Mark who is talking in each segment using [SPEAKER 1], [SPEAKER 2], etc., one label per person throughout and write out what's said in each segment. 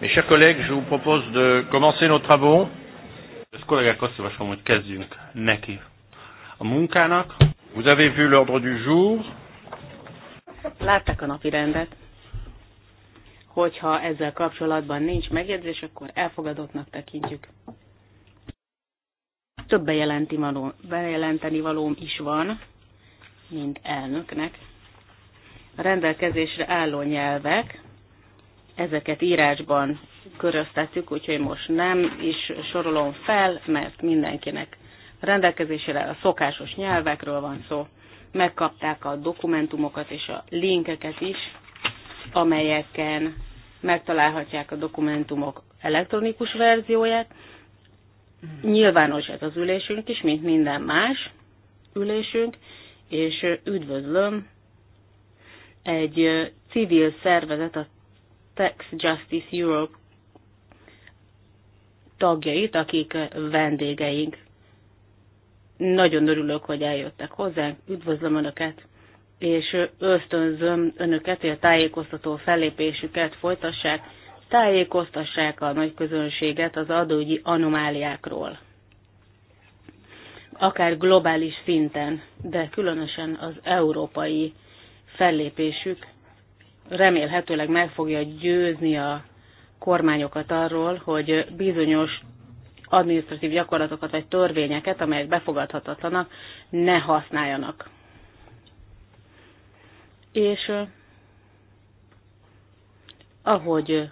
[SPEAKER 1] Mes chers collègues, je vous propose de commencer nos travaux. Kedves kollégák, azt javaslom, hogy kezdjünk neki a munkának. Vous avez vu l'ordre du jour.
[SPEAKER 2] Látták a napi rendet. Hogyha ezzel kapcsolatban nincs megjegyzés, akkor elfogadottnak tekintjük. Több bejelenti való, bejelenteni valóm is van, mint elnöknek. A rendelkezésre álló nyelvek ezeket írásban köröztetjük, úgyhogy most nem is sorolom fel, mert mindenkinek rendelkezésére a szokásos nyelvekről van szó. Megkapták a dokumentumokat és a linkeket is, amelyeken megtalálhatják a dokumentumok elektronikus verzióját. Nyilvános ez az ülésünk is, mint minden más ülésünk, és üdvözlöm egy civil szervezet, a Tax Justice Europe tagjait, akik vendégeink. Nagyon örülök, hogy eljöttek hozzánk, üdvözlöm Önöket, és ösztönzöm Önöket, hogy a tájékoztató fellépésüket folytassák, tájékoztassák a nagy közönséget az adógyi anomáliákról. Akár globális szinten, de különösen az európai fellépésük remélhetőleg meg fogja győzni a kormányokat arról, hogy bizonyos adminisztratív gyakorlatokat vagy törvényeket, amelyek befogadhatatlanak, ne használjanak. És ahogy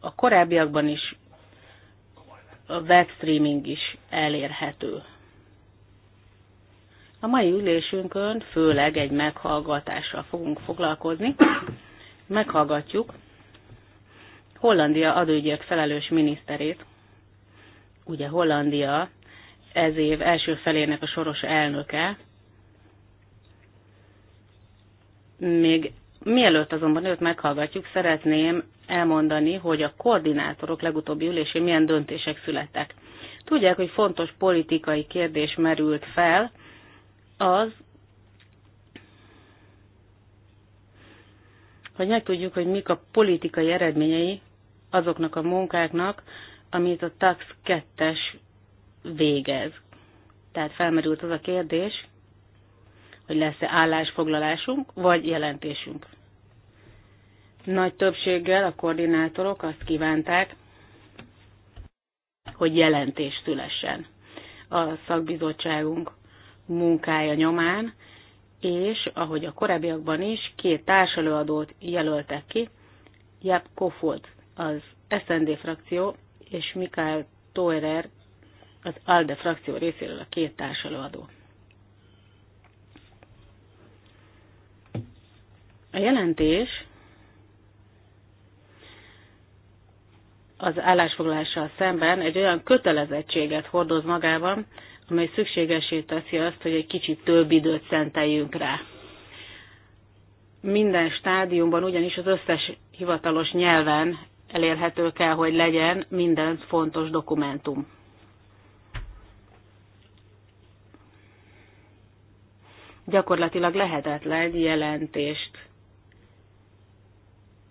[SPEAKER 2] a korábbiakban is a webstreaming is elérhető. A mai ülésünkön főleg egy meghallgatással fogunk foglalkozni. Meghallgatjuk Hollandia adóügyek felelős miniszterét. Ugye Hollandia ez év első felének a soros elnöke. Még mielőtt azonban őt meghallgatjuk, szeretném elmondani, hogy a koordinátorok legutóbbi ülésén milyen döntések születtek. Tudják, hogy fontos politikai kérdés merült fel, az, hogy megtudjuk, hogy mik a politikai eredményei azoknak a munkáknak, amit a TAX 2-es végez. Tehát felmerült az a kérdés, hogy lesz-e állásfoglalásunk, vagy jelentésünk. Nagy többséggel a koordinátorok azt kívánták, hogy jelentés szülessen a szakbizottságunk munkája nyomán, és ahogy a korábbiakban is, két társelőadót jelöltek ki, Jeb Kofold az SND frakció, és Mikael Toerer az ALDE frakció részéről a két társelőadó. A jelentés az állásfoglalással szemben egy olyan kötelezettséget hordoz magában, amely szükségesé teszi azt, hogy egy kicsit több időt szenteljünk rá. Minden stádiumban ugyanis az összes hivatalos nyelven elérhető kell, hogy legyen minden fontos dokumentum. Gyakorlatilag lehetetlen egy jelentést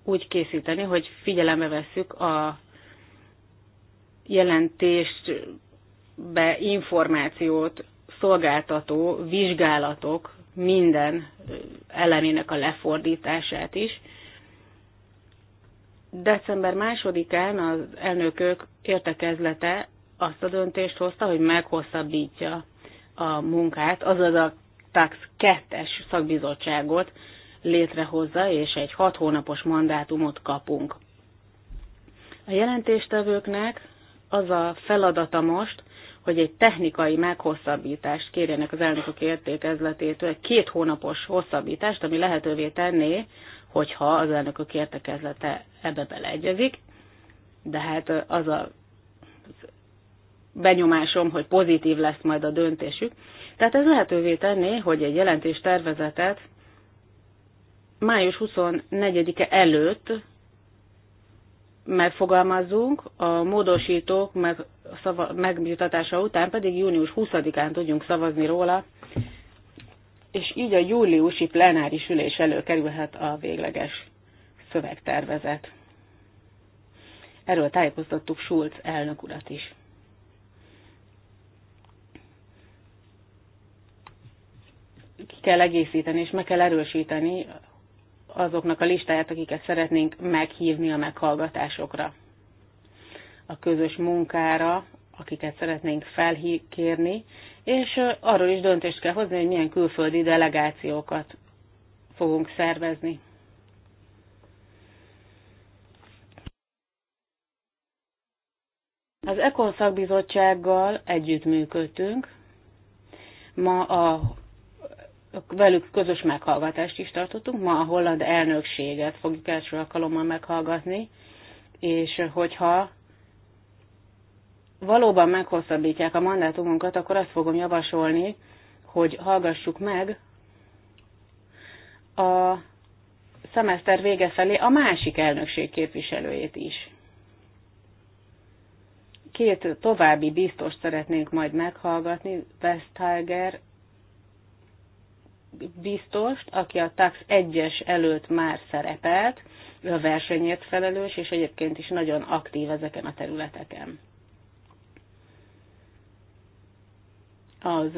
[SPEAKER 2] úgy készíteni, hogy figyelembe vesszük a jelentést be információt szolgáltató vizsgálatok minden elemének a lefordítását is. December másodikán az elnökök értekezlete azt a döntést hozta, hogy meghosszabbítja a munkát, azaz a TAX 2-es szakbizottságot létrehozza, és egy hat hónapos mandátumot kapunk. A jelentéstevőknek az a feladata most, hogy egy technikai meghosszabbítást kérjenek az elnökök értékezletétől, egy két hónapos hosszabbítást, ami lehetővé tenné, hogyha az elnökök értekezlete ebbe beleegyezik. De hát az a benyomásom, hogy pozitív lesz majd a döntésük. Tehát ez lehetővé tenné, hogy egy jelentés tervezetet május 24-e előtt megfogalmazzunk, a módosítók meg, szava, megmutatása után pedig június 20-án tudjunk szavazni róla, és így a júliusi plenáris ülés elő kerülhet a végleges szövegtervezet. Erről tájékoztattuk Schulz elnök urat is. Ki kell egészíteni és meg kell erősíteni azoknak a listáját, akiket szeretnénk meghívni a meghallgatásokra. A közös munkára, akiket szeretnénk felkérni, és arról is döntést kell hozni, hogy milyen külföldi delegációkat fogunk szervezni. Az Ekon szakbizottsággal együttműködtünk. Ma a velük közös meghallgatást is tartottunk. Ma a holland elnökséget fogjuk első alkalommal meghallgatni, és hogyha valóban meghosszabbítják a mandátumunkat, akkor azt fogom javasolni, hogy hallgassuk meg a szemeszter vége felé a másik elnökség képviselőjét is. Két további biztos szeretnénk majd meghallgatni, Westhager biztost, aki a TAX 1-es előtt már szerepelt, ő a versenyért felelős, és egyébként is nagyon aktív ezeken a területeken. Az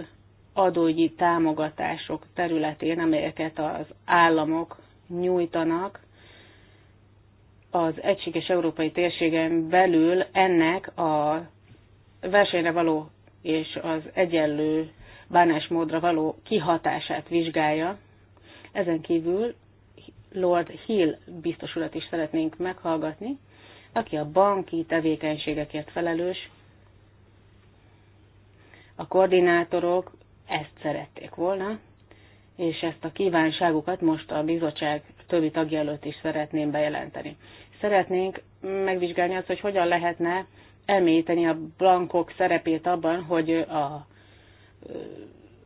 [SPEAKER 2] adógyi támogatások területén, amelyeket az államok nyújtanak, az egységes európai térségen belül ennek a versenyre való és az egyenlő bánásmódra való kihatását vizsgálja. Ezen kívül Lord Hill biztosulat is szeretnénk meghallgatni, aki a banki tevékenységekért felelős. A koordinátorok ezt szerették volna, és ezt a kívánságukat most a bizottság többi tagja előtt is szeretném bejelenteni. Szeretnénk megvizsgálni azt, hogy hogyan lehetne elmélyíteni a blankok szerepét abban, hogy a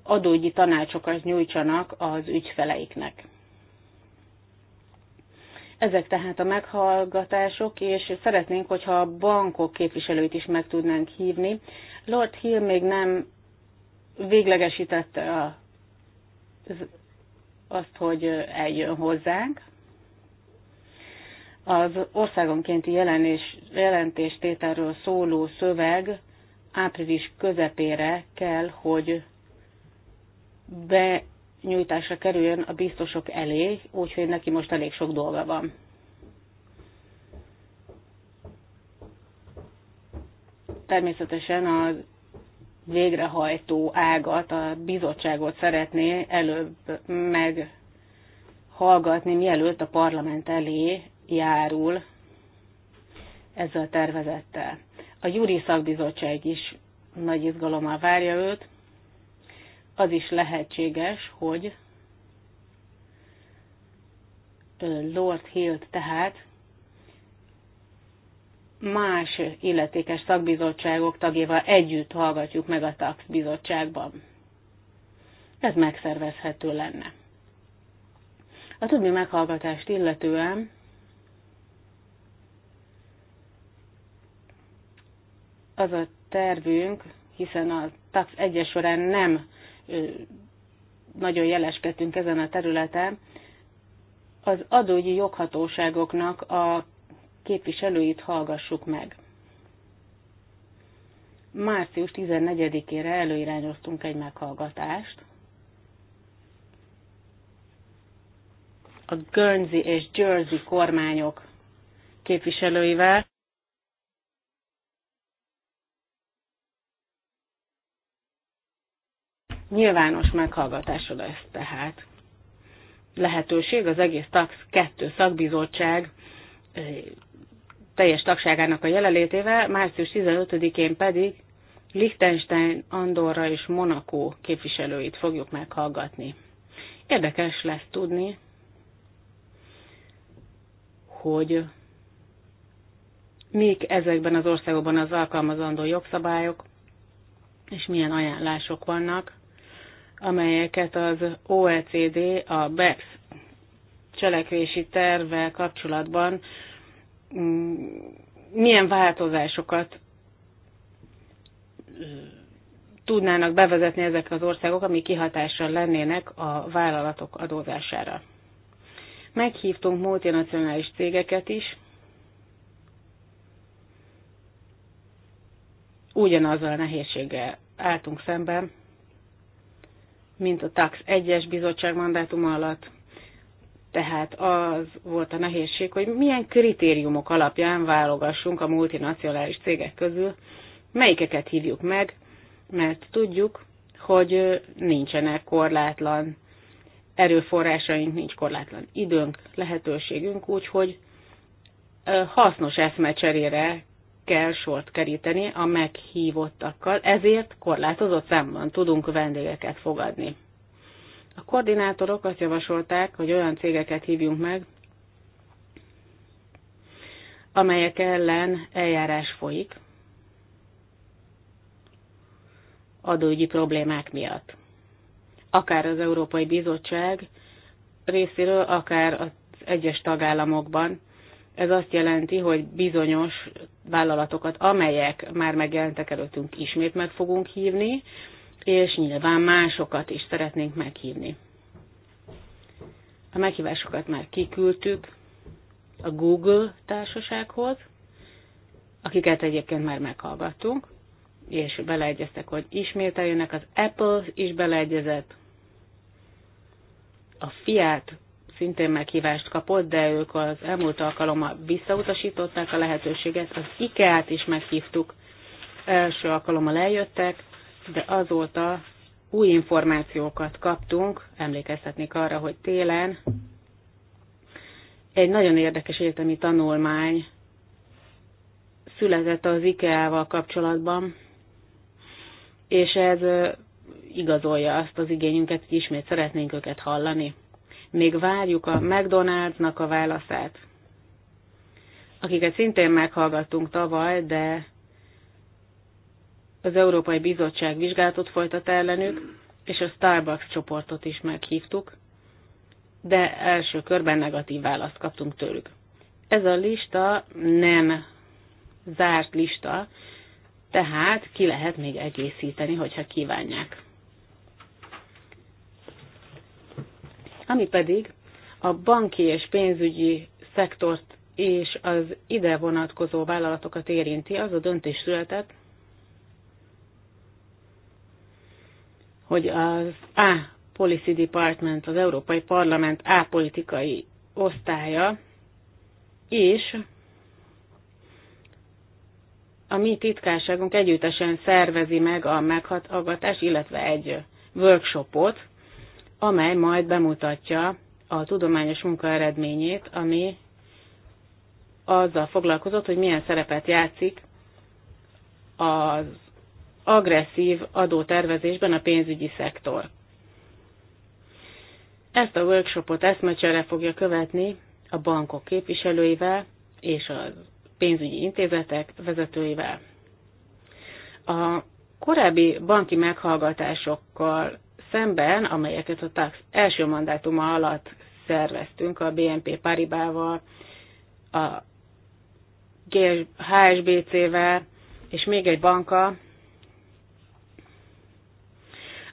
[SPEAKER 2] adógyi tanácsokat nyújtsanak az ügyfeleiknek. Ezek tehát a meghallgatások, és szeretnénk, hogyha a bankok képviselőit is meg tudnánk hívni. Lord Hill még nem véglegesítette a, azt, hogy eljön hozzánk. Az országonkénti jelentéstételről szóló szöveg április közepére kell, hogy benyújtásra kerüljön a biztosok elé, úgyhogy neki most elég sok dolga van. Természetesen a végrehajtó ágat, a bizottságot szeretné előbb meghallgatni, mielőtt a parlament elé járul ezzel a tervezettel. A Júri Szakbizottság is nagy izgalommal várja őt. Az is lehetséges, hogy Lord Hilt tehát más illetékes szakbizottságok tagjával együtt hallgatjuk meg a tagbizottságban. Ez megszervezhető lenne. A többi meghallgatást illetően az a tervünk, hiszen a TAX 1 során nem nagyon jeleskedtünk ezen a területen, az adógyi joghatóságoknak a képviselőit hallgassuk meg. Március 14-ére előirányoztunk egy meghallgatást. A Guernsey és Jersey kormányok képviselőivel, Nyilvános meghallgatásod lesz tehát lehetőség az egész TAX 2 szakbizottság teljes tagságának a jelenlétével, március 15-én pedig Liechtenstein, Andorra és Monaco képviselőit fogjuk meghallgatni. Érdekes lesz tudni, hogy mik ezekben az országokban az alkalmazandó jogszabályok, és milyen ajánlások vannak amelyeket az OECD a BEPS cselekvési tervvel kapcsolatban mm, milyen változásokat tudnának bevezetni ezek az országok, ami kihatással lennének a vállalatok adózására. Meghívtunk multinacionális cégeket is, ugyanazzal a nehézséggel álltunk szemben, mint a TAX 1-es bizottság mandátum alatt. Tehát az volt a nehézség, hogy milyen kritériumok alapján válogassunk a multinacionális cégek közül, melyikeket hívjuk meg, mert tudjuk, hogy nincsenek korlátlan erőforrásaink, nincs korlátlan időnk, lehetőségünk, úgyhogy hasznos eszmecserére kell sort keríteni a meghívottakkal, ezért korlátozott számban tudunk vendégeket fogadni. A koordinátorok azt javasolták, hogy olyan cégeket hívjunk meg, amelyek ellen eljárás folyik adóügyi problémák miatt. Akár az Európai Bizottság részéről, akár az egyes tagállamokban ez azt jelenti, hogy bizonyos vállalatokat, amelyek már megjelentek előttünk, ismét meg fogunk hívni, és nyilván másokat is szeretnénk meghívni. A meghívásokat már kiküldtük a Google társasághoz, akiket egyébként már meghallgattunk, és beleegyeztek, hogy ismét eljönnek, az Apple is beleegyezett, a Fiat szintén meghívást kapott, de ők az elmúlt alkalommal visszautasították a lehetőséget. Az IKEA-t is meghívtuk, első alkalommal eljöttek, de azóta új információkat kaptunk, emlékeztetnék arra, hogy télen egy nagyon érdekes értelmi tanulmány született az IKEA-val kapcsolatban, és ez igazolja azt az igényünket, hogy ismét szeretnénk őket hallani még várjuk a McDonald'snak a válaszát, akiket szintén meghallgattunk tavaly, de az Európai Bizottság vizsgálatot folytat ellenük, és a Starbucks csoportot is meghívtuk, de első körben negatív választ kaptunk tőlük. Ez a lista nem zárt lista, tehát ki lehet még egészíteni, hogyha kívánják. Ami pedig a banki és pénzügyi szektort és az ide vonatkozó vállalatokat érinti, az a döntés született, hogy az A Policy Department, az Európai Parlament A politikai osztálya, és a mi titkárságunk együttesen szervezi meg a meghatagatás, illetve egy workshopot, amely majd bemutatja a tudományos munka eredményét, ami azzal foglalkozott, hogy milyen szerepet játszik az agresszív adótervezésben a pénzügyi szektor. Ezt a workshopot eszmecsere fogja követni a bankok képviselőivel és a pénzügyi intézetek vezetőivel. A korábbi banki meghallgatásokkal szemben, amelyeket a TAX első mandátuma alatt szerveztünk a BNP Paribával, a HSBC-vel, és még egy banka,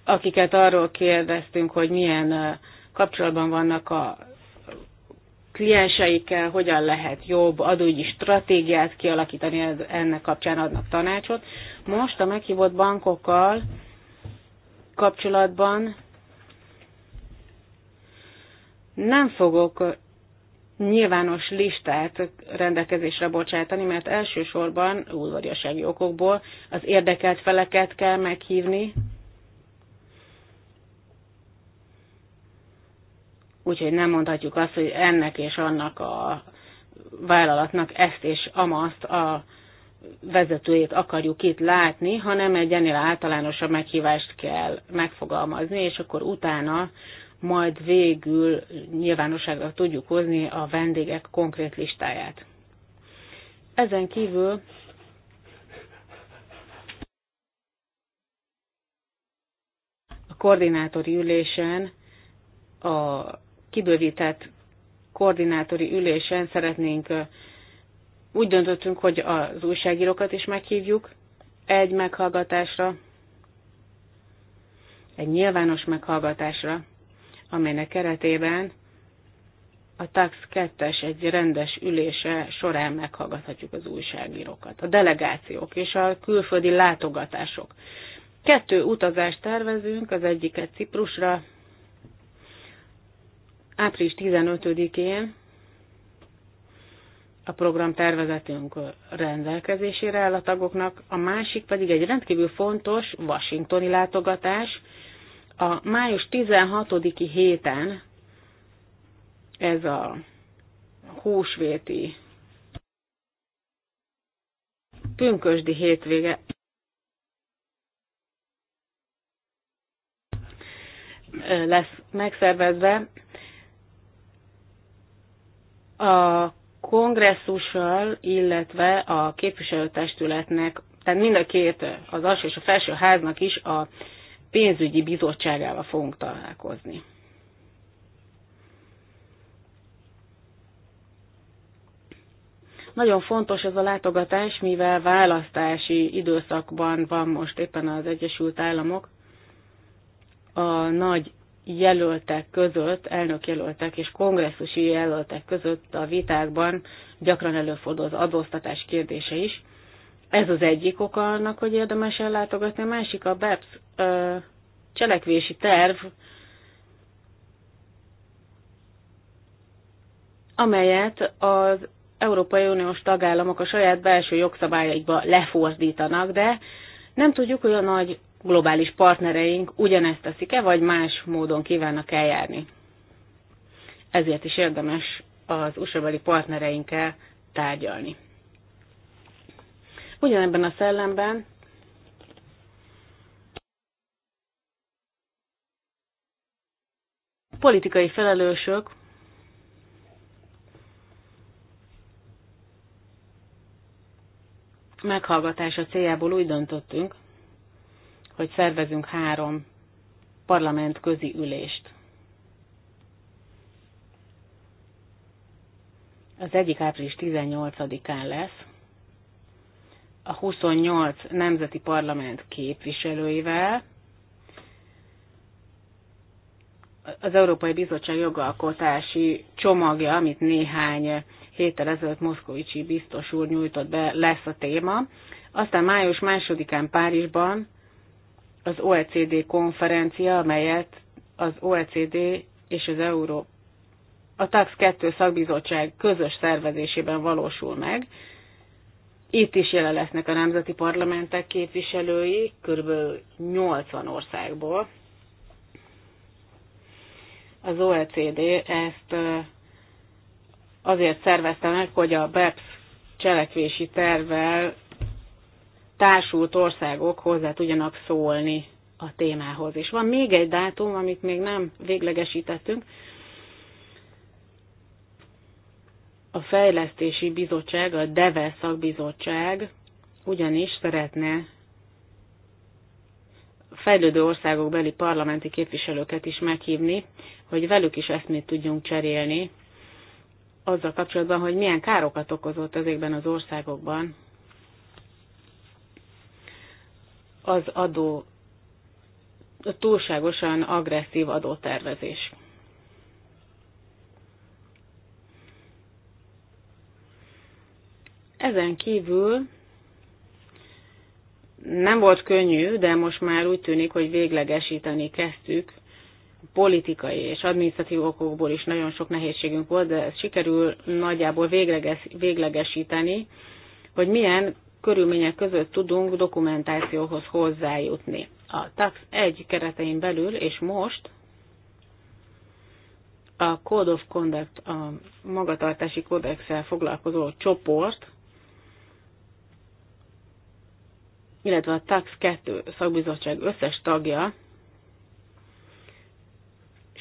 [SPEAKER 2] akiket arról kérdeztünk, hogy milyen kapcsolatban vannak a klienseikkel, hogyan lehet jobb adógyi stratégiát kialakítani, ennek kapcsán adnak tanácsot. Most a meghívott bankokkal kapcsolatban nem fogok nyilvános listát rendelkezésre bocsátani, mert elsősorban udvariasági okokból az érdekelt feleket kell meghívni, úgyhogy nem mondhatjuk azt, hogy ennek és annak a vállalatnak ezt és amazt a vezetőjét akarjuk itt látni, hanem egy ennél általánosabb meghívást kell megfogalmazni, és akkor utána majd végül nyilvánosságra tudjuk hozni a vendégek konkrét listáját. Ezen kívül a koordinátori ülésen, a kibővített koordinátori ülésen szeretnénk úgy döntöttünk, hogy az újságírókat is meghívjuk egy meghallgatásra, egy nyilvános meghallgatásra, amelynek keretében a TAX 2-es egy rendes ülése során meghallgathatjuk az újságírókat, a delegációk és a külföldi látogatások. Kettő utazást tervezünk, az egyiket Ciprusra, április 15-én, a programtervezetünk rendelkezésére áll a tagoknak, a másik pedig egy rendkívül fontos washingtoni látogatás. A május 16-i héten ez a húsvéti pünkösdi hétvége. lesz megszervezve. A kongresszussal, illetve a képviselőtestületnek, tehát mind a két, az alsó és a felső háznak is a pénzügyi bizottságával fogunk találkozni. Nagyon fontos ez a látogatás, mivel választási időszakban van most éppen az Egyesült Államok. A nagy jelöltek között, elnökjelöltek és kongresszusi jelöltek között a vitákban gyakran előfordul az adóztatás kérdése is. Ez az egyik oka annak, hogy érdemes ellátogatni, a másik a BEPS ö, cselekvési terv, amelyet az Európai Uniós tagállamok a saját belső jogszabályaikba lefordítanak, de nem tudjuk, hogy a nagy globális partnereink ugyanezt teszik-e, vagy más módon kívánnak eljárni. Ezért is érdemes az USA-beli partnereinkkel tárgyalni. Ugyanebben a szellemben politikai felelősök meghallgatása céljából úgy döntöttünk, hogy szervezünk három parlament közi ülést. Az egyik április 18-án lesz, a 28 nemzeti parlament képviselőivel, az Európai Bizottság jogalkotási csomagja, amit néhány héttel ezelőtt Moszkovicsi biztos úr nyújtott be, lesz a téma. Aztán május másodikán Párizsban az OECD konferencia, amelyet az OECD és az Euró a TAX 2 szakbizottság közös szervezésében valósul meg. Itt is jelen lesznek a nemzeti parlamentek képviselői, kb. 80 országból. Az OECD ezt azért szervezte meg, hogy a BEPS cselekvési tervvel társult országok hozzá tudjanak szólni a témához. És van még egy dátum, amit még nem véglegesítettünk. A Fejlesztési Bizottság, a DEVE szakbizottság ugyanis szeretne fejlődő országok beli parlamenti képviselőket is meghívni, hogy velük is eszmét tudjunk cserélni azzal kapcsolatban, hogy milyen károkat okozott ezekben az országokban az adó a túlságosan agresszív adótervezés. Ezen kívül nem volt könnyű, de most már úgy tűnik, hogy véglegesíteni kezdtük. Politikai és adminisztratív okokból is nagyon sok nehézségünk volt, de ez sikerül nagyjából végleges, véglegesíteni, hogy milyen körülmények között tudunk dokumentációhoz hozzájutni. A TAX 1 keretein belül, és most a Code of Conduct, a magatartási kódexsel foglalkozó csoport, illetve a TAX 2 szakbizottság összes tagja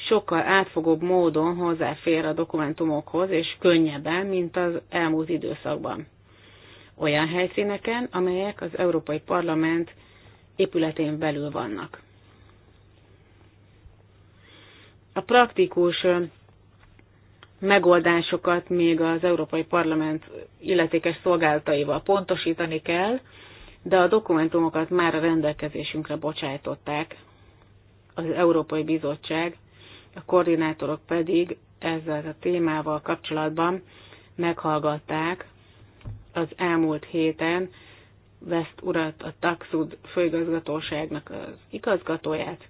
[SPEAKER 2] sokkal átfogóbb módon hozzáfér a dokumentumokhoz, és könnyebben, mint az elmúlt időszakban olyan helyszíneken, amelyek az Európai Parlament épületén belül vannak. A praktikus megoldásokat még az Európai Parlament illetékes szolgálataival pontosítani kell, de a dokumentumokat már a rendelkezésünkre bocsájtották az Európai Bizottság, a koordinátorok pedig ezzel a témával kapcsolatban meghallgatták az elmúlt héten West urat, a Taxud főigazgatóságnak az igazgatóját.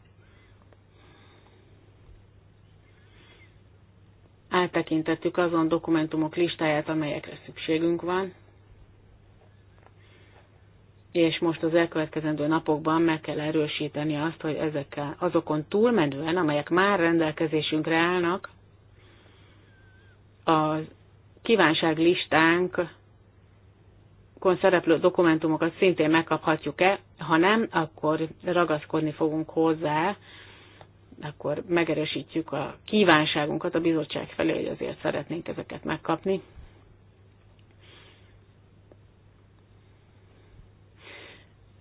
[SPEAKER 2] Áttekintettük azon dokumentumok listáját, amelyekre szükségünk van, és most az elkövetkezendő napokban meg kell erősíteni azt, hogy ezekkel azokon túlmenően, amelyek már rendelkezésünkre állnak, a kívánság listánk szereplő dokumentumokat szintén megkaphatjuk-e, ha nem, akkor ragaszkodni fogunk hozzá, akkor megerősítjük a kívánságunkat a bizottság felé, hogy azért szeretnénk ezeket megkapni.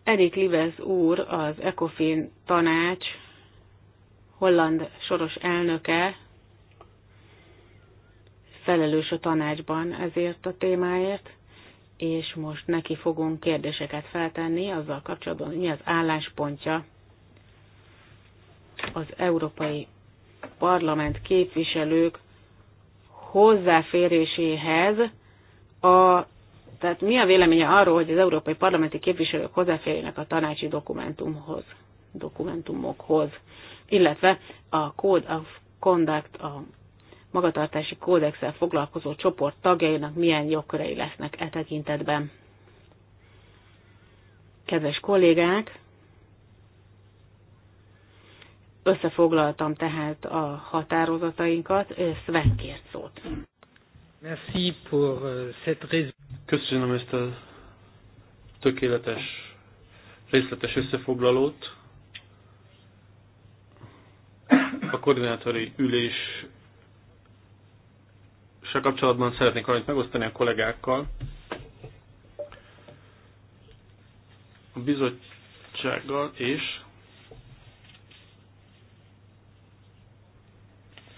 [SPEAKER 2] Erik Lives úr, az ECOFIN tanács holland soros elnöke, felelős a tanácsban ezért a témáért és most neki fogunk kérdéseket feltenni azzal kapcsolatban, mi az álláspontja az Európai Parlament képviselők hozzáféréséhez, a, tehát mi a véleménye arról, hogy az európai parlamenti képviselők hozzáférjenek a tanácsi dokumentumhoz, dokumentumokhoz, illetve a Code of Conduct, a magatartási kódexel foglalkozó csoport tagjainak milyen jogkörei lesznek e tekintetben. Kedves kollégák, összefoglaltam tehát a határozatainkat, Sven kért szót.
[SPEAKER 3] Euh,
[SPEAKER 1] Köszönöm ezt a tökéletes, részletes összefoglalót. A koordinátori ülés se kapcsolatban szeretnék valamit megosztani a kollégákkal. A bizottsággal és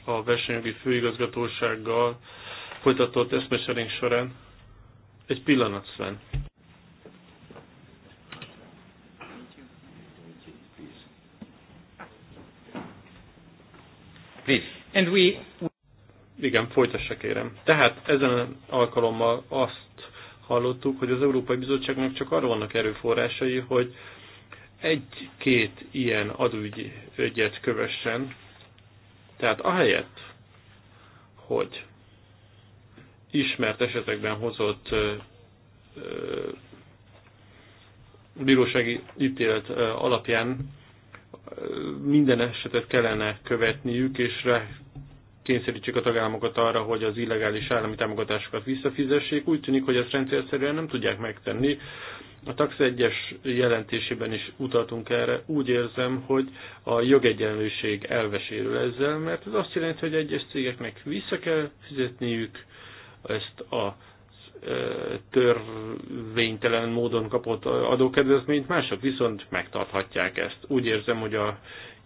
[SPEAKER 1] a versenyjogi főigazgatósággal folytatott eszmeserénk során. Egy pillanat, Sven. Please. And we... Igen, folytassa kérem. Tehát ezen alkalommal azt hallottuk, hogy az Európai Bizottságnak csak arra vannak erőforrásai, hogy egy-két ilyen adóügyi ügyet kövessen. Tehát ahelyett, hogy ismert esetekben hozott bírósági ítélet alapján minden esetet kellene követniük, és rá kényszerítsék a tagállamokat arra, hogy az illegális állami támogatásokat visszafizessék. Úgy tűnik, hogy ezt rendszerszerűen nem tudják megtenni. A TAX 1-es jelentésében is utaltunk erre. Úgy érzem, hogy a jogegyenlőség elvesérül ezzel, mert ez azt jelenti, hogy egyes cégeknek vissza kell fizetniük ezt a e, törvénytelen módon kapott adókedvezményt, mások viszont megtarthatják ezt. Úgy érzem, hogy a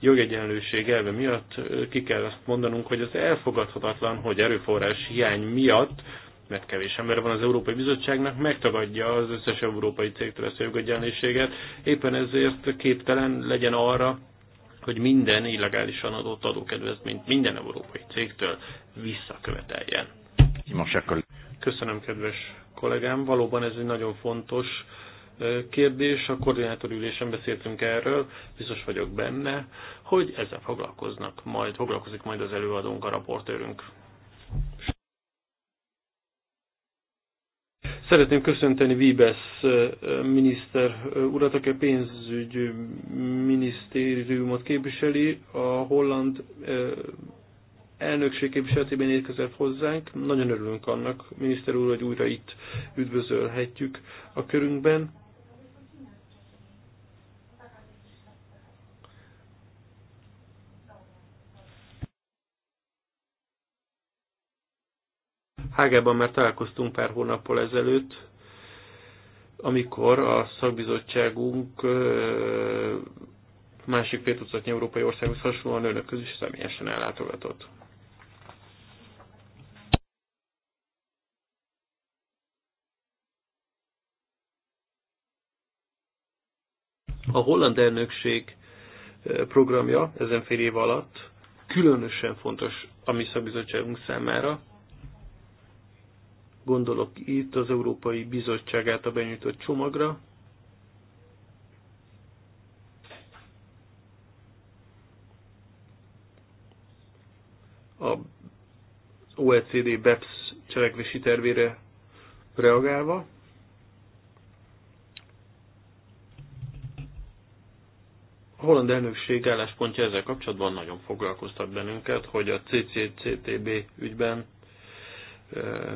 [SPEAKER 1] jogegyenlőség elve miatt ki kell azt mondanunk, hogy az elfogadhatatlan, hogy erőforrás hiány miatt mert kevés ember van az Európai Bizottságnak, megtagadja az összes európai cégtől ezt a jogegyenlőséget, éppen ezért képtelen legyen arra, hogy minden illegálisan adott adókedvezményt minden európai cégtől visszaköveteljen. Köszönöm, kedves kollégám. Valóban ez egy nagyon fontos kérdés, a koordinátorülésen beszéltünk erről, biztos vagyok benne, hogy ezzel foglalkoznak majd, foglalkozik majd az előadónk, a raportőrünk. Szeretném köszönteni Vibes miniszter urat, aki a pénzügy minisztériumot képviseli, a holland elnökség képviseletében érkezett hozzánk. Nagyon örülünk annak, miniszter úr, hogy újra itt üdvözölhetjük a körünkben. Hágában már találkoztunk pár hónappal ezelőtt, amikor a szakbizottságunk másik fél tucatnyi európai országhoz hasonlóan közül is személyesen ellátogatott. A holland elnökség programja ezen fél év alatt különösen fontos a mi szakbizottságunk számára, Gondolok itt az Európai Bizottság a benyújtott csomagra, a OECD BEPS cselekvési tervére reagálva. A holland elnökség álláspontja ezzel kapcsolatban nagyon foglalkoztat bennünket, hogy a CCCTB ügyben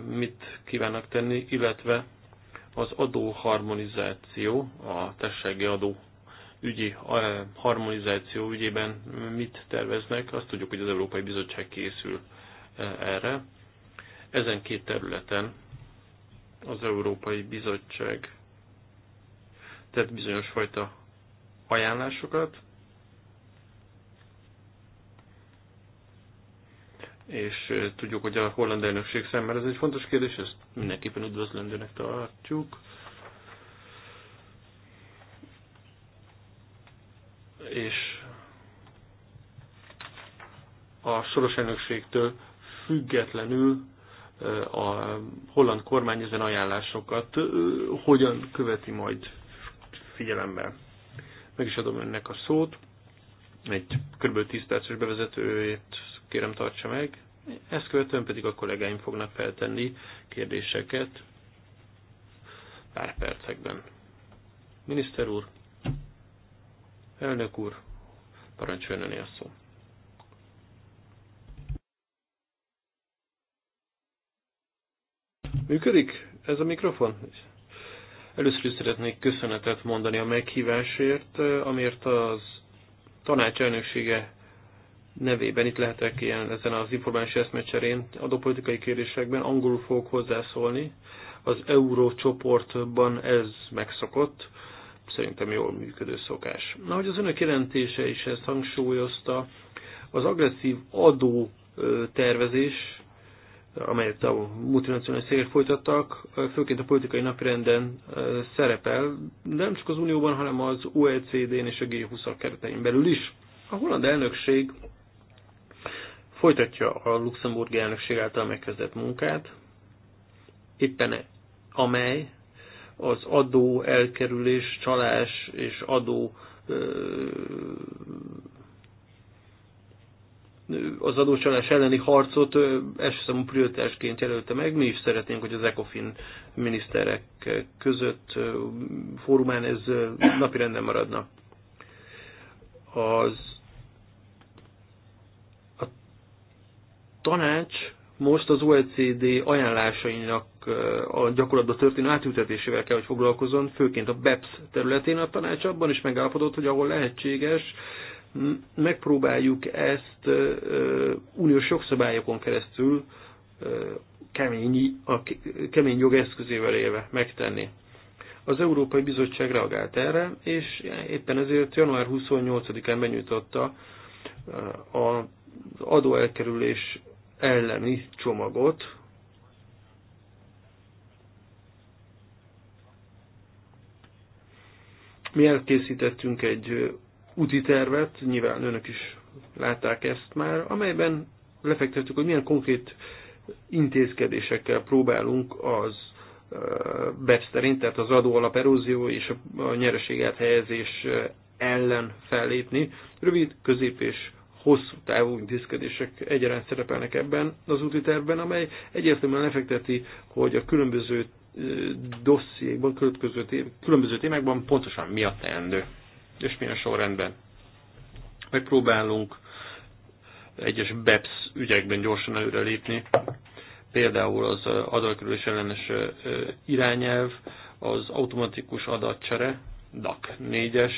[SPEAKER 1] mit kívánnak tenni, illetve az adóharmonizáció, a társasági adó ügyi harmonizáció ügyében mit terveznek. Azt tudjuk, hogy az Európai Bizottság készül e, erre. Ezen két területen az Európai Bizottság tett bizonyos fajta ajánlásokat, és tudjuk, hogy a holland elnökség szemmel ez egy fontos kérdés, ezt mindenképpen üdvözlendőnek tartjuk. És a soros elnökségtől függetlenül a holland kormány ezen ajánlásokat hogyan követi majd figyelembe. Meg is adom önnek a szót, egy kb. 10 perces bevezetőjét kérem tartsa meg. Ezt követően pedig a kollégáim fognak feltenni kérdéseket pár percekben. Miniszter úr, elnök úr, parancsoljon a szó. Működik ez a mikrofon? Először is szeretnék köszönetet mondani a meghívásért, amért az tanács elnöksége nevében itt lehetek ilyen ezen az informális eszmecserén adópolitikai kérdésekben. Angolul fogok hozzászólni. Az eurócsoportban ez megszokott. Szerintem jól működő szokás. Na, hogy az önök jelentése is ezt hangsúlyozta, az agresszív adó tervezés, amelyet a multinacionális cégek folytattak, főként a politikai napirenden szerepel, nem csak az Unióban, hanem az OECD-n és a G20-ak keretein belül is. A holland elnökség folytatja a Luxemburg elnökség által megkezdett munkát, éppen e, amely az adó elkerülés, csalás és adó az adócsalás elleni harcot elsőszemú prioritásként jelölte meg. Mi is szeretnénk, hogy az ECOFIN miniszterek között fórumán ez napirenden maradna. Az tanács most az OECD ajánlásainak a gyakorlatba történő átültetésével kell, hogy foglalkozzon, főként a BEPS területén. A tanács abban is megállapodott, hogy ahol lehetséges, megpróbáljuk ezt uniós jogszabályokon keresztül kemény, a kemény jogeszközével élve megtenni. Az Európai Bizottság reagált erre, és éppen ezért január 28-án benyújtotta az adóelkerülés elleni csomagot, Mi elkészítettünk egy úti tervet, nyilván önök is látták ezt már, amelyben lefektettük, hogy milyen konkrét intézkedésekkel próbálunk az BEPS terén, tehát az adóalap erózió és a nyereséget helyezés ellen fellépni. Rövid, közép és hosszú távú intézkedések egyaránt szerepelnek ebben az úti tervben, amely egyértelműen lefekteti, hogy a különböző dossziékban, különböző témákban pontosan mi a teendő, és milyen sorrendben. Megpróbálunk egyes BEPS ügyekben gyorsan előrelépni, például az adalkerülés ellenes irányelv, az automatikus adatcsere, DAC 4-es,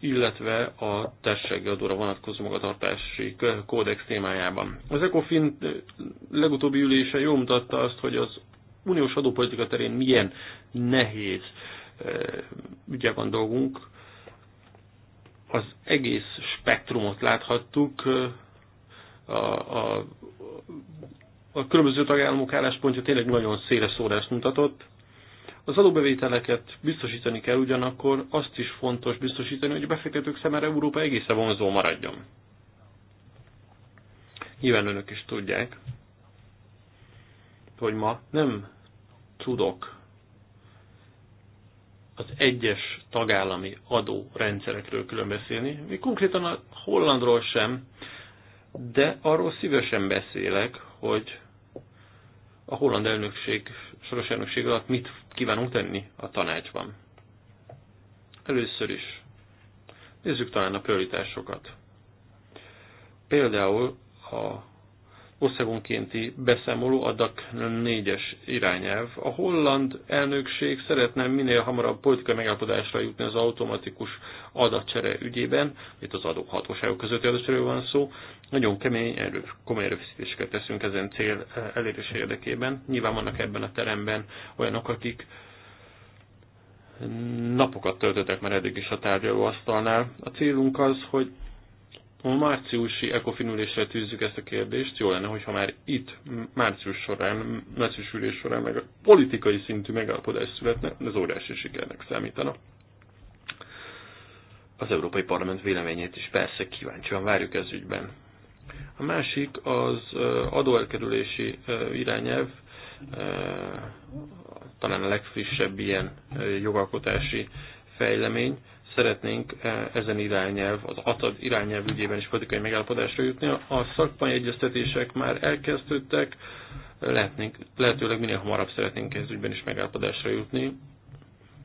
[SPEAKER 1] illetve a társasági adóra vonatkozó magatartási kódex témájában. Az ECOFIN legutóbbi ülése jól mutatta azt, hogy az uniós adópolitika terén milyen nehéz ügyek van dolgunk. Az egész spektrumot láthattuk, a, a, a különböző tagállamok álláspontja tényleg nagyon széles szórást mutatott, az adóbevételeket biztosítani kell ugyanakkor, azt is fontos biztosítani, hogy a befektetők szemére Európa egészen vonzó maradjon. Nyilván önök is tudják, hogy ma nem tudok az egyes tagállami adórendszerekről külön beszélni, még konkrétan a hollandról sem, de arról szívesen beszélek, hogy a holland elnökség soros elnökség alatt mit kívánunk tenni a tanácsban. Először is nézzük talán a prioritásokat. Például a országonkénti beszámoló adak négyes irányelv. A holland elnökség szeretne minél hamarabb politikai megállapodásra jutni az automatikus adatcsere ügyében, itt az adók hatóságok közötti adatcseréről van szó. Nagyon kemény, erő, komoly erőfeszítéseket teszünk ezen cél eh, elérése érdekében. Nyilván vannak ebben a teremben olyanok, akik napokat töltöttek már eddig is a tárgyalóasztalnál. A célunk az, hogy a márciusi ekofinülésre tűzzük ezt a kérdést. Jó lenne, hogyha már itt, március során, március ülés során meg a politikai szintű megállapodás születne, az óriási sikernek számítana. Az Európai Parlament véleményét is persze kíváncsian várjuk ez ügyben. A másik az adóelkerülési irányelv, talán a legfrissebb ilyen jogalkotási fejlemény szeretnénk e, ezen irányelv, az ATAD irányelv ügyében is politikai megállapodásra jutni. A szakmai egyeztetések már elkezdődtek, lehetnénk, lehetőleg minél hamarabb szeretnénk ez ügyben is megállapodásra jutni,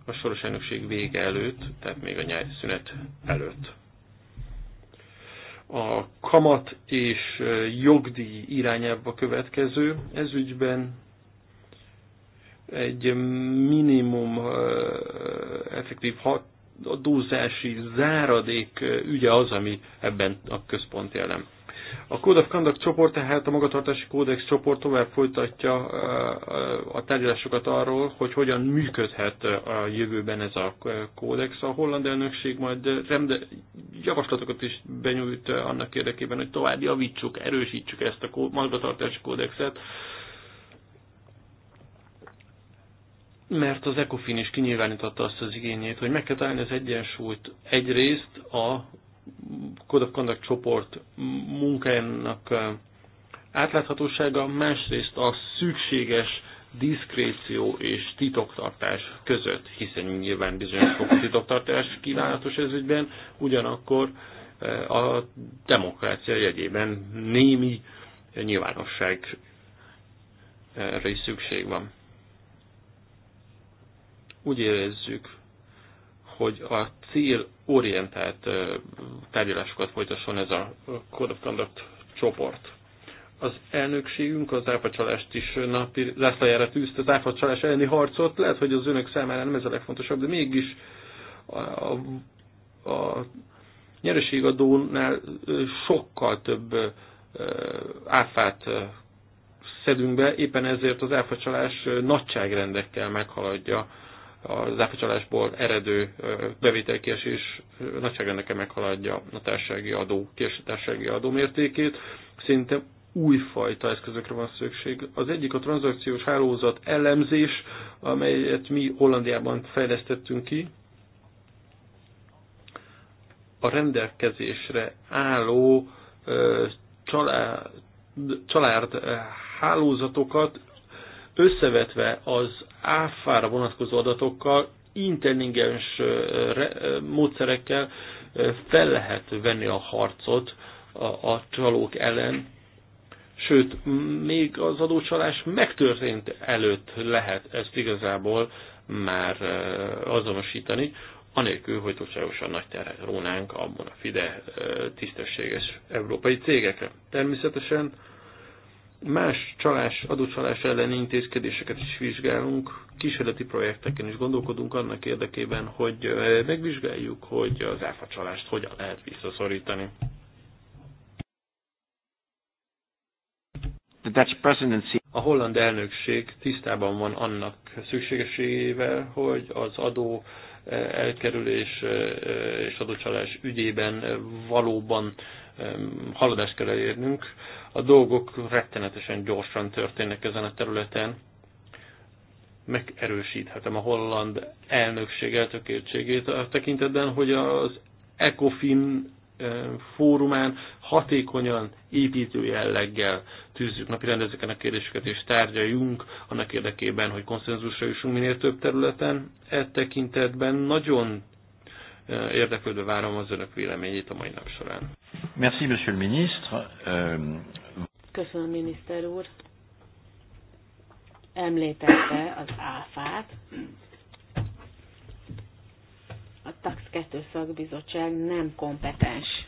[SPEAKER 1] a soros elnökség vége előtt, tehát még a nyári szünet előtt. A kamat és e, jogdíj irányába következő, ez ügyben egy minimum e, effektív hat, a adózási záradék ügye az, ami ebben a központi elem. A Code of Conduct csoport, tehát a magatartási kódex csoport tovább folytatja a tárgyalásokat arról, hogy hogyan működhet a jövőben ez a kódex. A holland elnökség majd rende, javaslatokat is benyújt annak érdekében, hogy tovább javítsuk, erősítsük ezt a magatartási kódexet mert az ECOFIN is kinyilvánította azt az igényét, hogy meg kell találni az egyensúlyt egyrészt a Code of Conduct csoport munkájának átláthatósága, másrészt a szükséges diszkréció és titoktartás között, hiszen nyilván bizonyos fokú titoktartás kívánatos ez ügyben, ugyanakkor a demokrácia jegyében némi nyilvánosság is szükség van. Úgy érezzük, hogy a cél orientált tárgyalásokat folytasson ez a Code of Conduct csoport. Az elnökségünk az áfacsalást is napi zászlajára tűzte, az áfacsalás elleni harcot. Lehet, hogy az önök számára nem ez a legfontosabb, de mégis a, a, a nyereségadónál sokkal több áfát szedünk be, éppen ezért az áfacsalás nagyságrendekkel meghaladja az áfacsalásból eredő bevételkiesés nagyságrendekkel meghaladja a társasági adó, társasági adó mértékét. Szerintem újfajta eszközökre van szükség. Az egyik a tranzakciós hálózat elemzés, amelyet mi Hollandiában fejlesztettünk ki. A rendelkezésre álló család, család hálózatokat összevetve az áfára vonatkozó adatokkal, intelligens módszerekkel fel lehet venni a harcot a, a csalók ellen, sőt, még az adócsalás megtörtént előtt lehet ezt igazából már azonosítani, anélkül, hogy túlságosan nagy terhet rónánk abban a FIDE tisztességes európai cégekre. Természetesen más csalás, adócsalás elleni intézkedéseket is vizsgálunk, kísérleti projekteken is gondolkodunk annak érdekében, hogy eh, megvizsgáljuk, hogy az áfacsalást hogyan lehet visszaszorítani.
[SPEAKER 3] The Dutch presidency.
[SPEAKER 1] A holland elnökség tisztában van annak szükségességével, hogy az adó eh, elkerülés eh, és adócsalás ügyében valóban haladást kell elérnünk. A dolgok rettenetesen gyorsan történnek ezen a területen. Megerősíthetem a holland elnökség eltökéltségét a tekintetben, hogy az ECOFIN fórumán hatékonyan, építő jelleggel tűzzük napi ezeken a kérdéseket, és tárgyaljunk annak érdekében, hogy konszenzusra jussunk minél több területen. E tekintetben nagyon érdeklődve várom az önök véleményét a mai nap során. Merci, monsieur le ministre. Euh,
[SPEAKER 2] Köszönöm, miniszter úr. Említette az áfát. A TAX 2 szakbizottság nem kompetens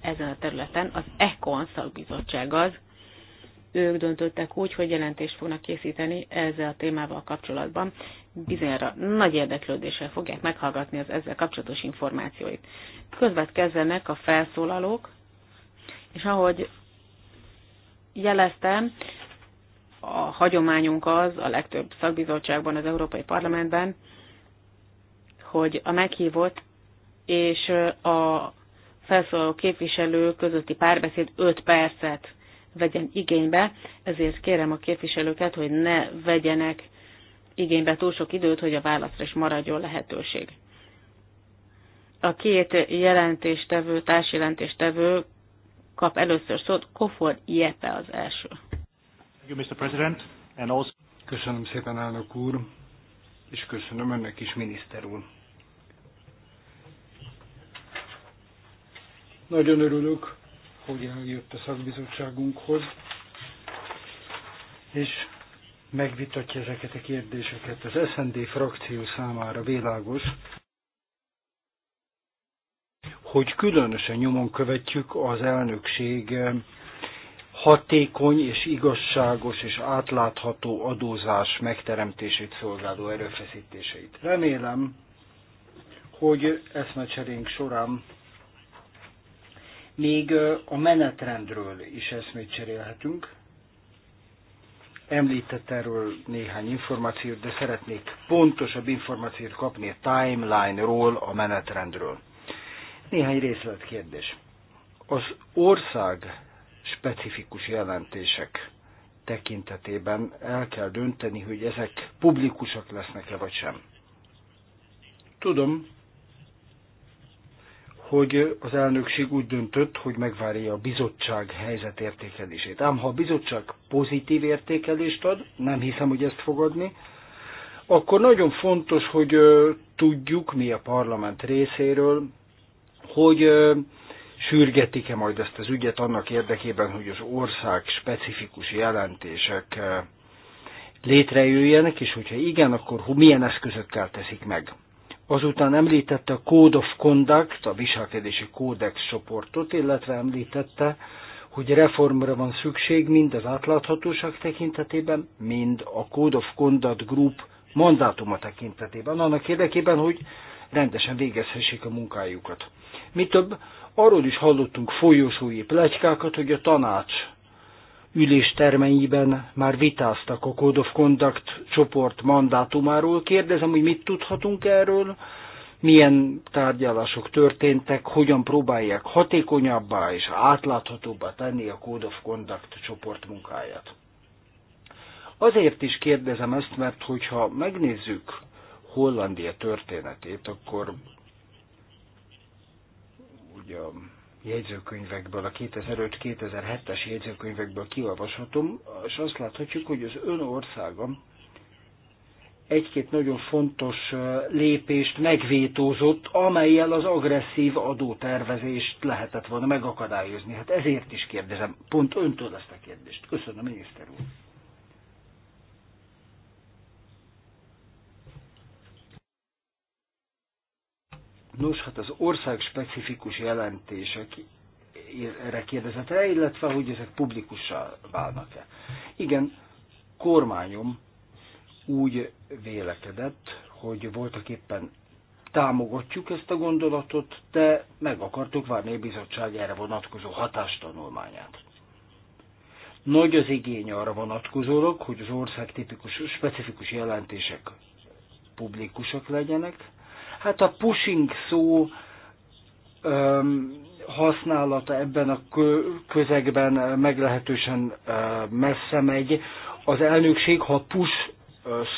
[SPEAKER 2] ezen a területen. Az ECON szakbizottság az, ők döntöttek úgy, hogy jelentést fognak készíteni ezzel a témával kapcsolatban bizonyára nagy érdeklődéssel fogják meghallgatni az ezzel kapcsolatos információit. Közvetkezzenek a felszólalók, és ahogy jeleztem, a hagyományunk az a legtöbb szakbizottságban, az Európai Parlamentben, hogy a meghívott és a felszólaló képviselő közötti párbeszéd 5 percet vegyen igénybe, ezért kérem a képviselőket, hogy ne vegyenek igénybe túl sok időt, hogy a válaszra is maradjon lehetőség. A két jelentéstevő, társjelentéstevő kap először szót, Kofor Jepe az első.
[SPEAKER 3] Köszönöm szépen, elnök úr, és köszönöm önnek is, miniszter úr. Nagyon örülök, hogy eljött a szakbizottságunkhoz, és megvitatja ezeket a kérdéseket. Az SND frakció számára világos, hogy különösen nyomon követjük az elnökség eh, hatékony és igazságos és átlátható adózás megteremtését szolgáló erőfeszítéseit. Remélem, hogy eszmecserénk során még eh, a menetrendről is eszmét cserélhetünk, említett erről néhány információt, de szeretnék pontosabb információt kapni a timeline-ról, a menetrendről. Néhány részletkérdés. Az ország specifikus jelentések tekintetében el kell dönteni, hogy ezek publikusak lesznek-e vagy sem. Tudom, hogy az elnökség úgy döntött, hogy megvárja a bizottság helyzetértékelését. Ám ha a bizottság pozitív értékelést ad, nem hiszem, hogy ezt fogadni, akkor nagyon fontos, hogy ö, tudjuk mi a parlament részéről, hogy ö, sürgetik-e majd ezt az ügyet annak érdekében, hogy az ország specifikus jelentések ö, létrejöjjenek, és hogyha igen, akkor milyen eszközökkel teszik meg. Azután említette a Code of Conduct, a viselkedési kódex csoportot, illetve említette, hogy reformra van szükség mind az átláthatóság tekintetében, mind a Code of Conduct Group mandátuma tekintetében, annak érdekében, hogy rendesen végezhessék a munkájukat. Mi több, arról is hallottunk folyosói plegykákat, hogy a tanács üléstermeiben már vitáztak a Code of Conduct csoport mandátumáról. Kérdezem, hogy mit tudhatunk erről, milyen tárgyalások történtek, hogyan próbálják hatékonyabbá és átláthatóbbá tenni a Code of Conduct csoport munkáját. Azért is kérdezem ezt, mert hogyha megnézzük Hollandia történetét, akkor ugye jegyzőkönyvekből, a 2005-2007-es jegyzőkönyvekből kiolvashatom, és azt láthatjuk, hogy az ön országom egy-két nagyon fontos lépést megvétózott, amelyel az agresszív adótervezést lehetett volna megakadályozni. Hát ezért is kérdezem, pont öntől ezt a kérdést. Köszönöm, miniszter úr. Nos, hát az ország specifikus jelentések erre kérdezett rá, illetve hogy ezek publikussá válnak-e. Igen, kormányom úgy vélekedett, hogy voltak éppen támogatjuk ezt a gondolatot, de meg akartuk várni a bizottság erre vonatkozó hatástanulmányát. Nagy az igény arra vonatkozólag, hogy az ország tipikus, specifikus jelentések publikusak legyenek, Hát a pushing szó öm, használata ebben a közegben meglehetősen messze megy. Az elnökség, ha push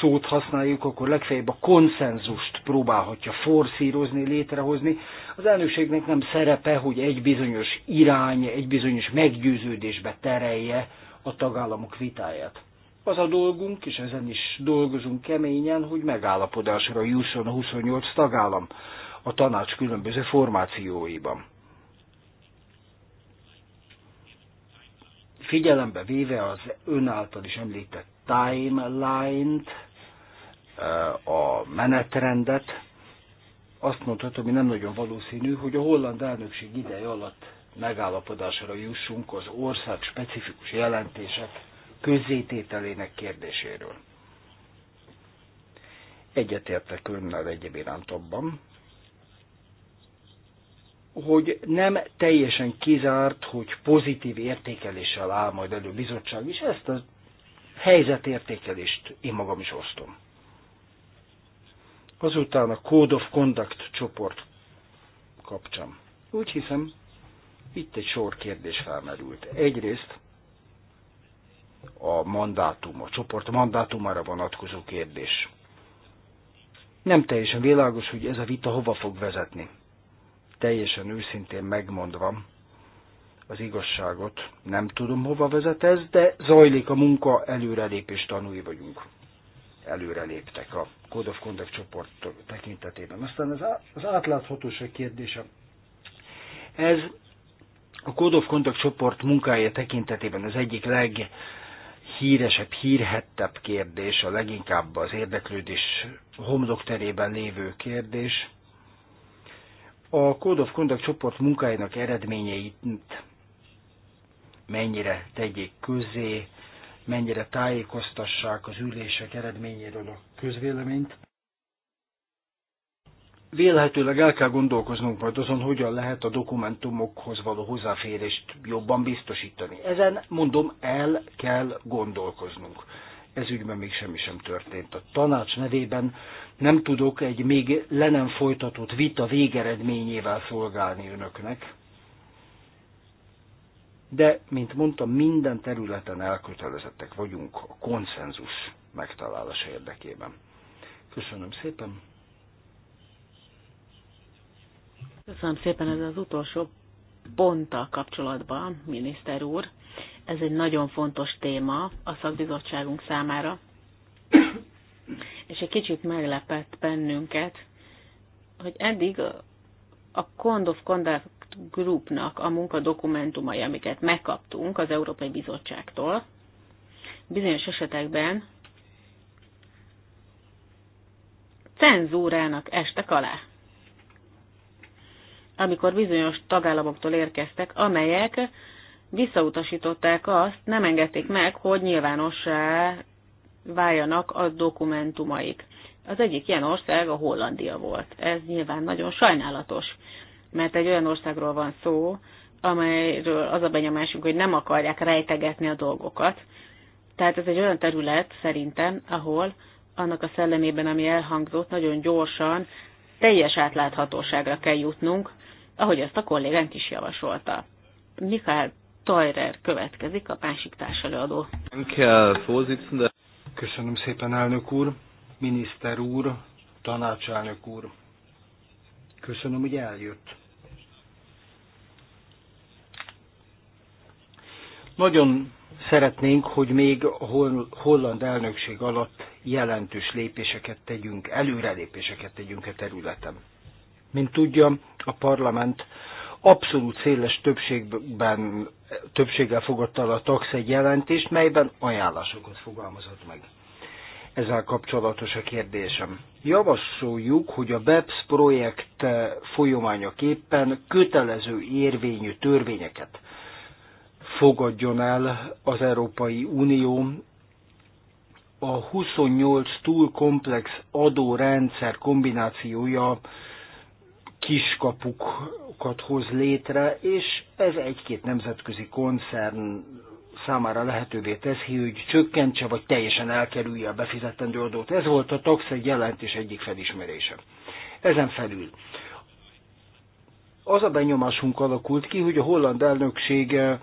[SPEAKER 3] szót használjuk, akkor legfeljebb a konszenzust próbálhatja forszírozni, létrehozni. Az elnökségnek nem szerepe, hogy egy bizonyos irány, egy bizonyos meggyőződésbe terelje a tagállamok vitáját az a dolgunk, és ezen is dolgozunk keményen, hogy megállapodásra jusson a 28 tagállam a tanács különböző formációiban. Figyelembe véve az ön által is említett timeline-t, eh, a menetrendet, azt mondhatom, hogy nem nagyon valószínű, hogy a holland elnökség ideje alatt megállapodásra jussunk az ország specifikus jelentések közzétételének kérdéséről. Egyetértek önnel egyebiránt abban, hogy nem teljesen kizárt, hogy pozitív értékeléssel áll majd elő bizottság is, ezt a helyzetértékelést én magam is osztom. Azután a Code of Conduct csoport kapcsam. Úgy hiszem, itt egy sor kérdés felmerült. Egyrészt a mandátum, a csoport mandátumára vonatkozó kérdés. Nem teljesen világos, hogy ez a vita hova fog vezetni. Teljesen őszintén megmondva az igazságot, nem tudom hova vezet ez, de zajlik a munka, előrelépés tanúi vagyunk. Előreléptek a Code of Conduct csoport tekintetében. Aztán az átláthatóság kérdése. Ez a Code of Conduct csoport munkája tekintetében az egyik leg híresebb, hírhettebb kérdés, a leginkább az érdeklődés homlokterében lévő kérdés. A Code of Conduct csoport munkáinak eredményeit mennyire tegyék közé, mennyire tájékoztassák az ülések eredményéről a közvéleményt vélhetőleg el kell gondolkoznunk majd azon, hogyan lehet a dokumentumokhoz való hozzáférést jobban biztosítani. Ezen, mondom, el kell gondolkoznunk. Ez ügyben még semmi sem történt. A tanács nevében nem tudok egy még le nem folytatott vita végeredményével szolgálni önöknek. De, mint mondtam, minden területen elkötelezettek vagyunk a konszenzus megtalálása érdekében. Köszönöm szépen!
[SPEAKER 2] Köszönöm szépen ez az utolsó ponttal kapcsolatban, miniszter úr. Ez egy nagyon fontos téma a szakbizottságunk számára, és egy kicsit meglepett bennünket, hogy eddig a Cond of Conduct Groupnak a munkadokumentumai, amiket megkaptunk az Európai Bizottságtól, bizonyos esetekben cenzúrának estek alá amikor bizonyos tagállamoktól érkeztek, amelyek visszautasították azt, nem engedték meg, hogy nyilvánossá váljanak a dokumentumaik. Az egyik ilyen ország a Hollandia volt. Ez nyilván nagyon sajnálatos, mert egy olyan országról van szó, amelyről az a benyomásunk, hogy nem akarják rejtegetni a dolgokat. Tehát ez egy olyan terület szerintem, ahol annak a szellemében, ami elhangzott, nagyon gyorsan teljes átláthatóságra kell jutnunk, ahogy ezt a kollégánk is javasolta. Mikael Tajrer következik, a másik társelőadó.
[SPEAKER 3] Köszönöm szépen, elnök úr, miniszter úr, tanácselnök úr. Köszönöm, hogy eljött. Nagyon szeretnénk, hogy még a holland elnökség alatt jelentős lépéseket tegyünk, előrelépéseket tegyünk a e területen. Mint tudja, a parlament abszolút széles többségben, többséggel fogadta a TAX egy jelentést, melyben ajánlásokat fogalmazott meg. Ezzel kapcsolatos a kérdésem. Javasoljuk, hogy a BEPS projekt folyamányaképpen kötelező érvényű törvényeket fogadjon el az Európai Unió a 28 túl komplex adórendszer kombinációja kiskapukat hoz létre, és ez egy-két nemzetközi koncern számára lehetővé teszi, hogy csökkentse vagy teljesen elkerülje a befizetendő adót. Ez volt a tax egy jelentés egyik felismerése. Ezen felül az a benyomásunk alakult ki, hogy a holland elnöksége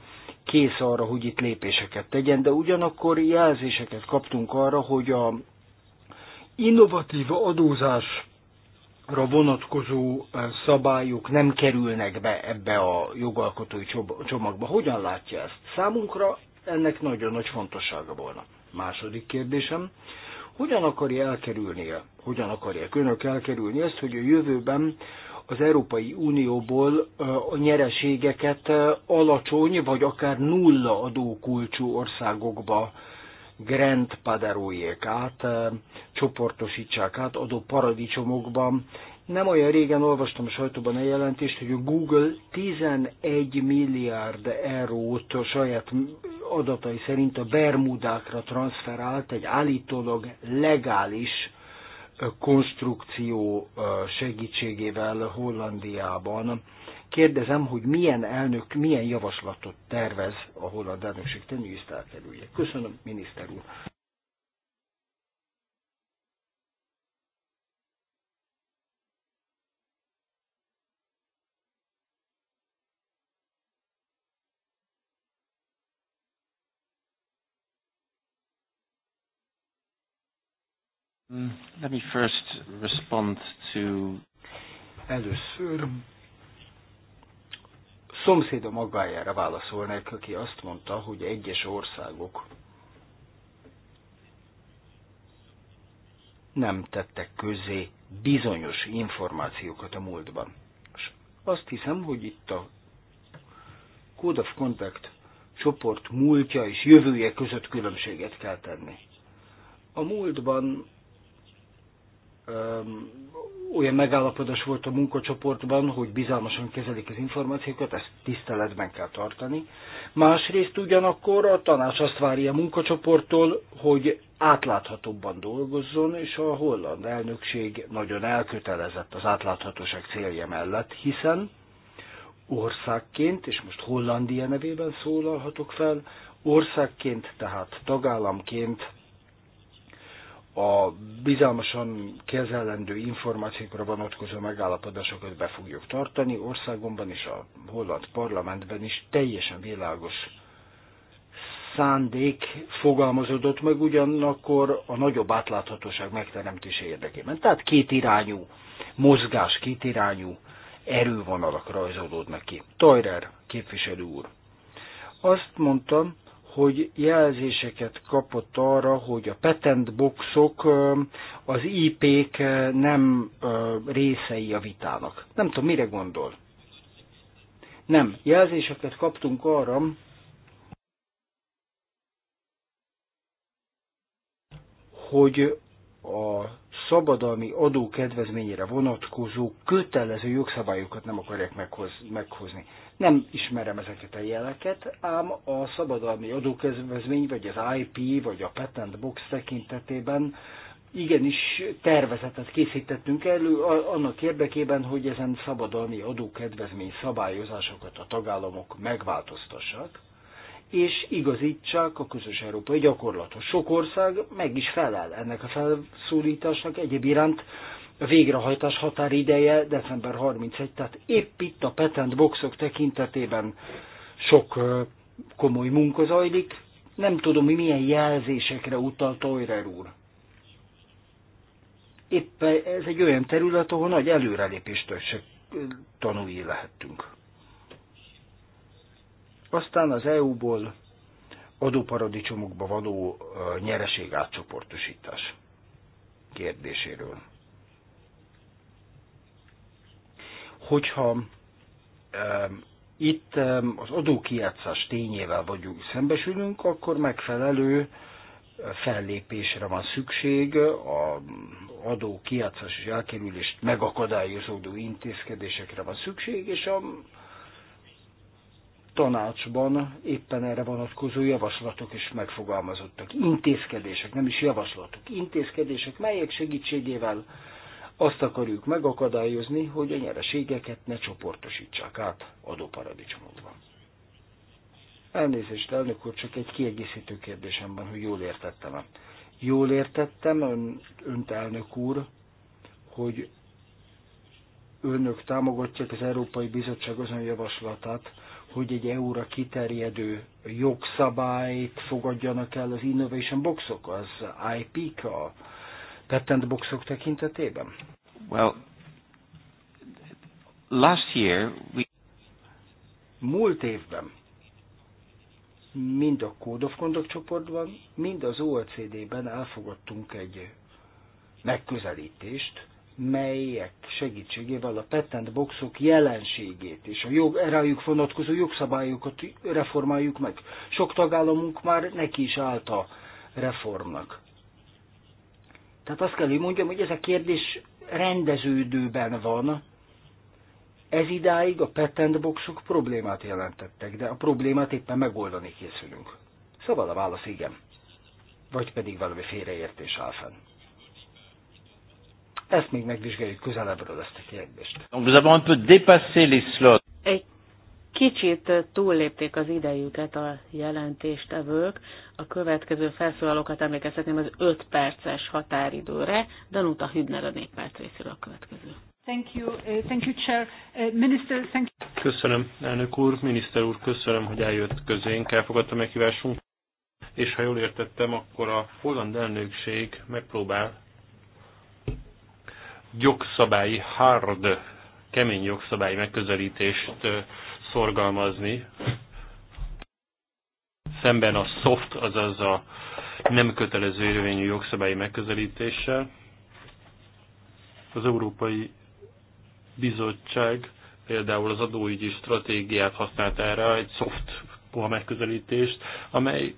[SPEAKER 3] kész arra, hogy itt lépéseket tegyen, de ugyanakkor jelzéseket kaptunk arra, hogy a innovatív adózás ra vonatkozó eh, szabályok nem kerülnek be ebbe a jogalkotói csomagba. Hogyan látja ezt? Számunkra ennek nagyon nagy fontossága volna. Második kérdésem, hogyan akarja elkerülni, hogyan akarják önök elkerülni ezt, hogy a jövőben az Európai Unióból a nyereségeket alacsony vagy akár nulla adókulcsú országokba Grand Paderójék át, csoportosítsák át adó paradicsomokban. Nem olyan régen olvastam a sajtóban a jelentést, hogy a Google 11 milliárd eurót a saját adatai szerint a Bermudákra transferált egy állítólag legális konstrukció segítségével Hollandiában. Kérdezem, hogy milyen elnök, milyen javaslatot tervez a holland elnökség tenni, Köszönöm, miniszter úr. Mm,
[SPEAKER 1] let me first respond to...
[SPEAKER 3] Először szomszédom aggájára válaszolnék, aki azt mondta, hogy egyes országok nem tettek közé bizonyos információkat a múltban. És azt hiszem, hogy itt a Code of Contact csoport múltja és jövője között különbséget kell tenni. A múltban olyan megállapodás volt a munkacsoportban, hogy bizalmasan kezelik az információkat, ezt tiszteletben kell tartani. Másrészt ugyanakkor a tanács azt várja a munkacsoporttól, hogy átláthatóbban dolgozzon, és a holland elnökség nagyon elkötelezett az átláthatóság célja mellett, hiszen országként, és most Hollandia nevében szólalhatok fel, országként, tehát tagállamként a bizalmasan kezelendő információkra vonatkozó megállapodásokat be fogjuk tartani. Országomban és a holland parlamentben is teljesen világos szándék fogalmazódott meg ugyanakkor a nagyobb átláthatóság megteremtése érdekében. Tehát kétirányú mozgás, kétirányú erővonalak rajzolódnak ki. Tajrer képviselő úr. Azt mondtam, hogy jelzéseket kapott arra, hogy a patent boxok az IP-k nem részei a vitának. Nem tudom, mire gondol. Nem, jelzéseket kaptunk arra, hogy a szabadalmi adókedvezményére vonatkozó kötelező jogszabályokat nem akarják meghoz, meghozni. Nem ismerem ezeket a jeleket, ám a szabadalmi adókezvezmény, vagy az IP, vagy a patent box tekintetében igenis tervezetet készítettünk elő annak érdekében, hogy ezen szabadalmi adókedvezmény szabályozásokat a tagállamok megváltoztassák, és igazítsák a közös európai gyakorlatot. Sok ország meg is felel ennek a felszólításnak, egyéb iránt a végrehajtás határideje december 31, tehát épp itt a patent boxok tekintetében sok komoly munka zajlik. Nem tudom, hogy milyen jelzésekre utal Toyrer úr. Épp ez egy olyan terület, ahol nagy előrelépéstől se tanulni lehettünk. Aztán az EU-ból adóparadicsomokba való nyereség átcsoportosítás kérdéséről hogyha itt az adókijátszás tényével vagyunk szembesülünk, akkor megfelelő eh, fellépésre van szükség, a adó kijátszás és elkerülést megakadályozódó intézkedésekre van szükség, és a tanácsban éppen erre vonatkozó javaslatok is megfogalmazottak. Intézkedések, nem is javaslatok, intézkedések, melyek segítségével azt akarjuk megakadályozni, hogy a nyereségeket ne csoportosítsák át adóparadicsomokban. Elnézést, elnök úr, csak egy kiegészítő kérdésem van, hogy jól értettem -e. Jól értettem, ön, önt elnök úr, hogy önök támogatják az Európai Bizottság azon javaslatát, hogy egy EU-ra kiterjedő jogszabályt fogadjanak el az Innovation Boxok, az IP-k, a patent tekintetében? Well, last year we... Múlt évben mind a Code of Conduct csoportban, mind az OECD-ben elfogadtunk egy megközelítést, melyek segítségével a patent boxok jelenségét és a jog, rájuk vonatkozó jogszabályokat reformáljuk meg. Sok tagállamunk már neki is állt a reformnak. Tehát azt kell, hogy mondjam, hogy ez a kérdés rendeződőben van. Ez idáig a boxok problémát jelentettek, de a problémát éppen megoldani készülünk. Szóval a válasz igen. Vagy pedig valami félreértés áll fenn. Ezt még megvizsgáljuk közelebbről ezt a kérdést.
[SPEAKER 2] Egy Kicsit túllépték az idejüket a jelentéstevők. A következő felszólalókat emlékezhetném az 5 perces határidőre. Danuta Hübner a néppárt részéről a következő.
[SPEAKER 3] Thank you, uh, thank you, Chair. Uh, Minister,
[SPEAKER 2] thank
[SPEAKER 1] you. Köszönöm, elnök úr, miniszter úr, köszönöm, hogy eljött közénk, elfogadta meghívásunk. és ha jól értettem, akkor a holland elnökség megpróbál jogszabályi, hard, kemény jogszabályi megközelítést uh, szorgalmazni, szemben a soft, azaz a nem kötelező érvényű jogszabályi megközelítéssel. Az Európai Bizottság például az adóügyi stratégiát használt erre, egy soft puha megközelítést, amely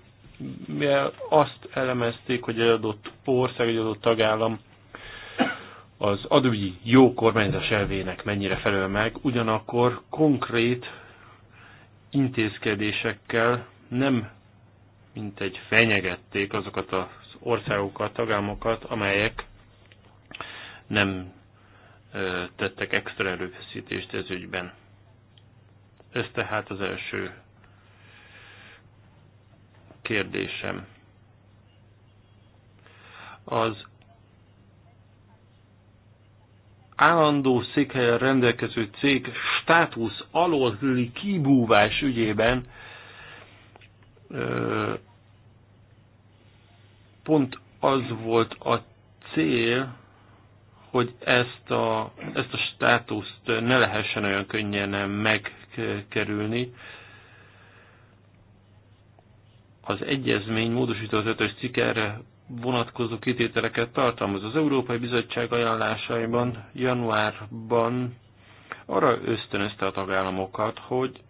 [SPEAKER 1] mivel azt elemezték, hogy egy adott ország, egy adott tagállam az adóügyi jó kormányzás elvének mennyire felel meg, ugyanakkor konkrét intézkedésekkel nem mint egy fenyegették azokat az országokat, tagállamokat, amelyek nem tettek extra erőfeszítést ez ügyben. Ez tehát az első kérdésem. Az állandó székhelyen rendelkező cég státusz alóli kibúvás ügyében pont az volt a cél, hogy ezt a, ezt a státuszt ne lehessen olyan könnyen megkerülni. Az egyezmény módosított ötös cikk erre vonatkozó kitételeket tartalmaz. Az Európai Bizottság ajánlásaiban januárban arra ösztönözte a tagállamokat, hogy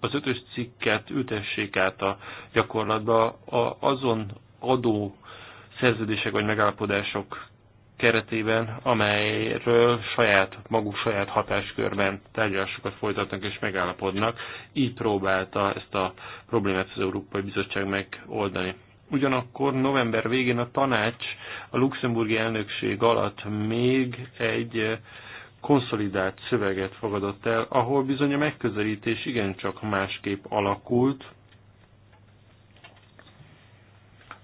[SPEAKER 1] az ötös cikket ütessék át a gyakorlatba azon adó szerződések vagy megállapodások keretében, amelyről saját, maguk saját hatáskörben tárgyalásokat folytatnak és megállapodnak. Így próbálta ezt a problémát az Európai Bizottság megoldani. Ugyanakkor november végén a tanács a luxemburgi elnökség alatt még egy eh, konszolidált szöveget fogadott el, ahol bizony a megközelítés igencsak másképp alakult.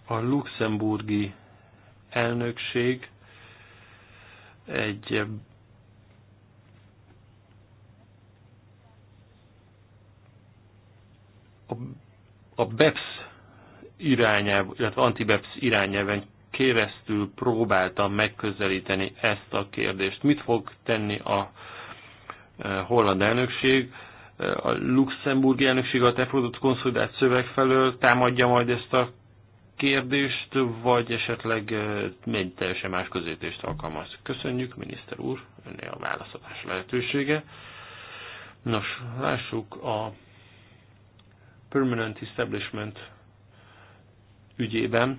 [SPEAKER 1] A luxemburgi elnökség egy a, a BEPS irányába, illetve anti-BEPS irányában keresztül próbáltam megközelíteni ezt a kérdést. Mit fog tenni a e, holland elnökség? E, a luxemburgi elnökség a tefordult konszolidált szöveg felől támadja majd ezt a kérdést, vagy esetleg egy teljesen más közítést alkalmaz. Köszönjük, miniszter úr, önnél a válaszadás lehetősége. Nos, lássuk a Permanent Establishment ügyében.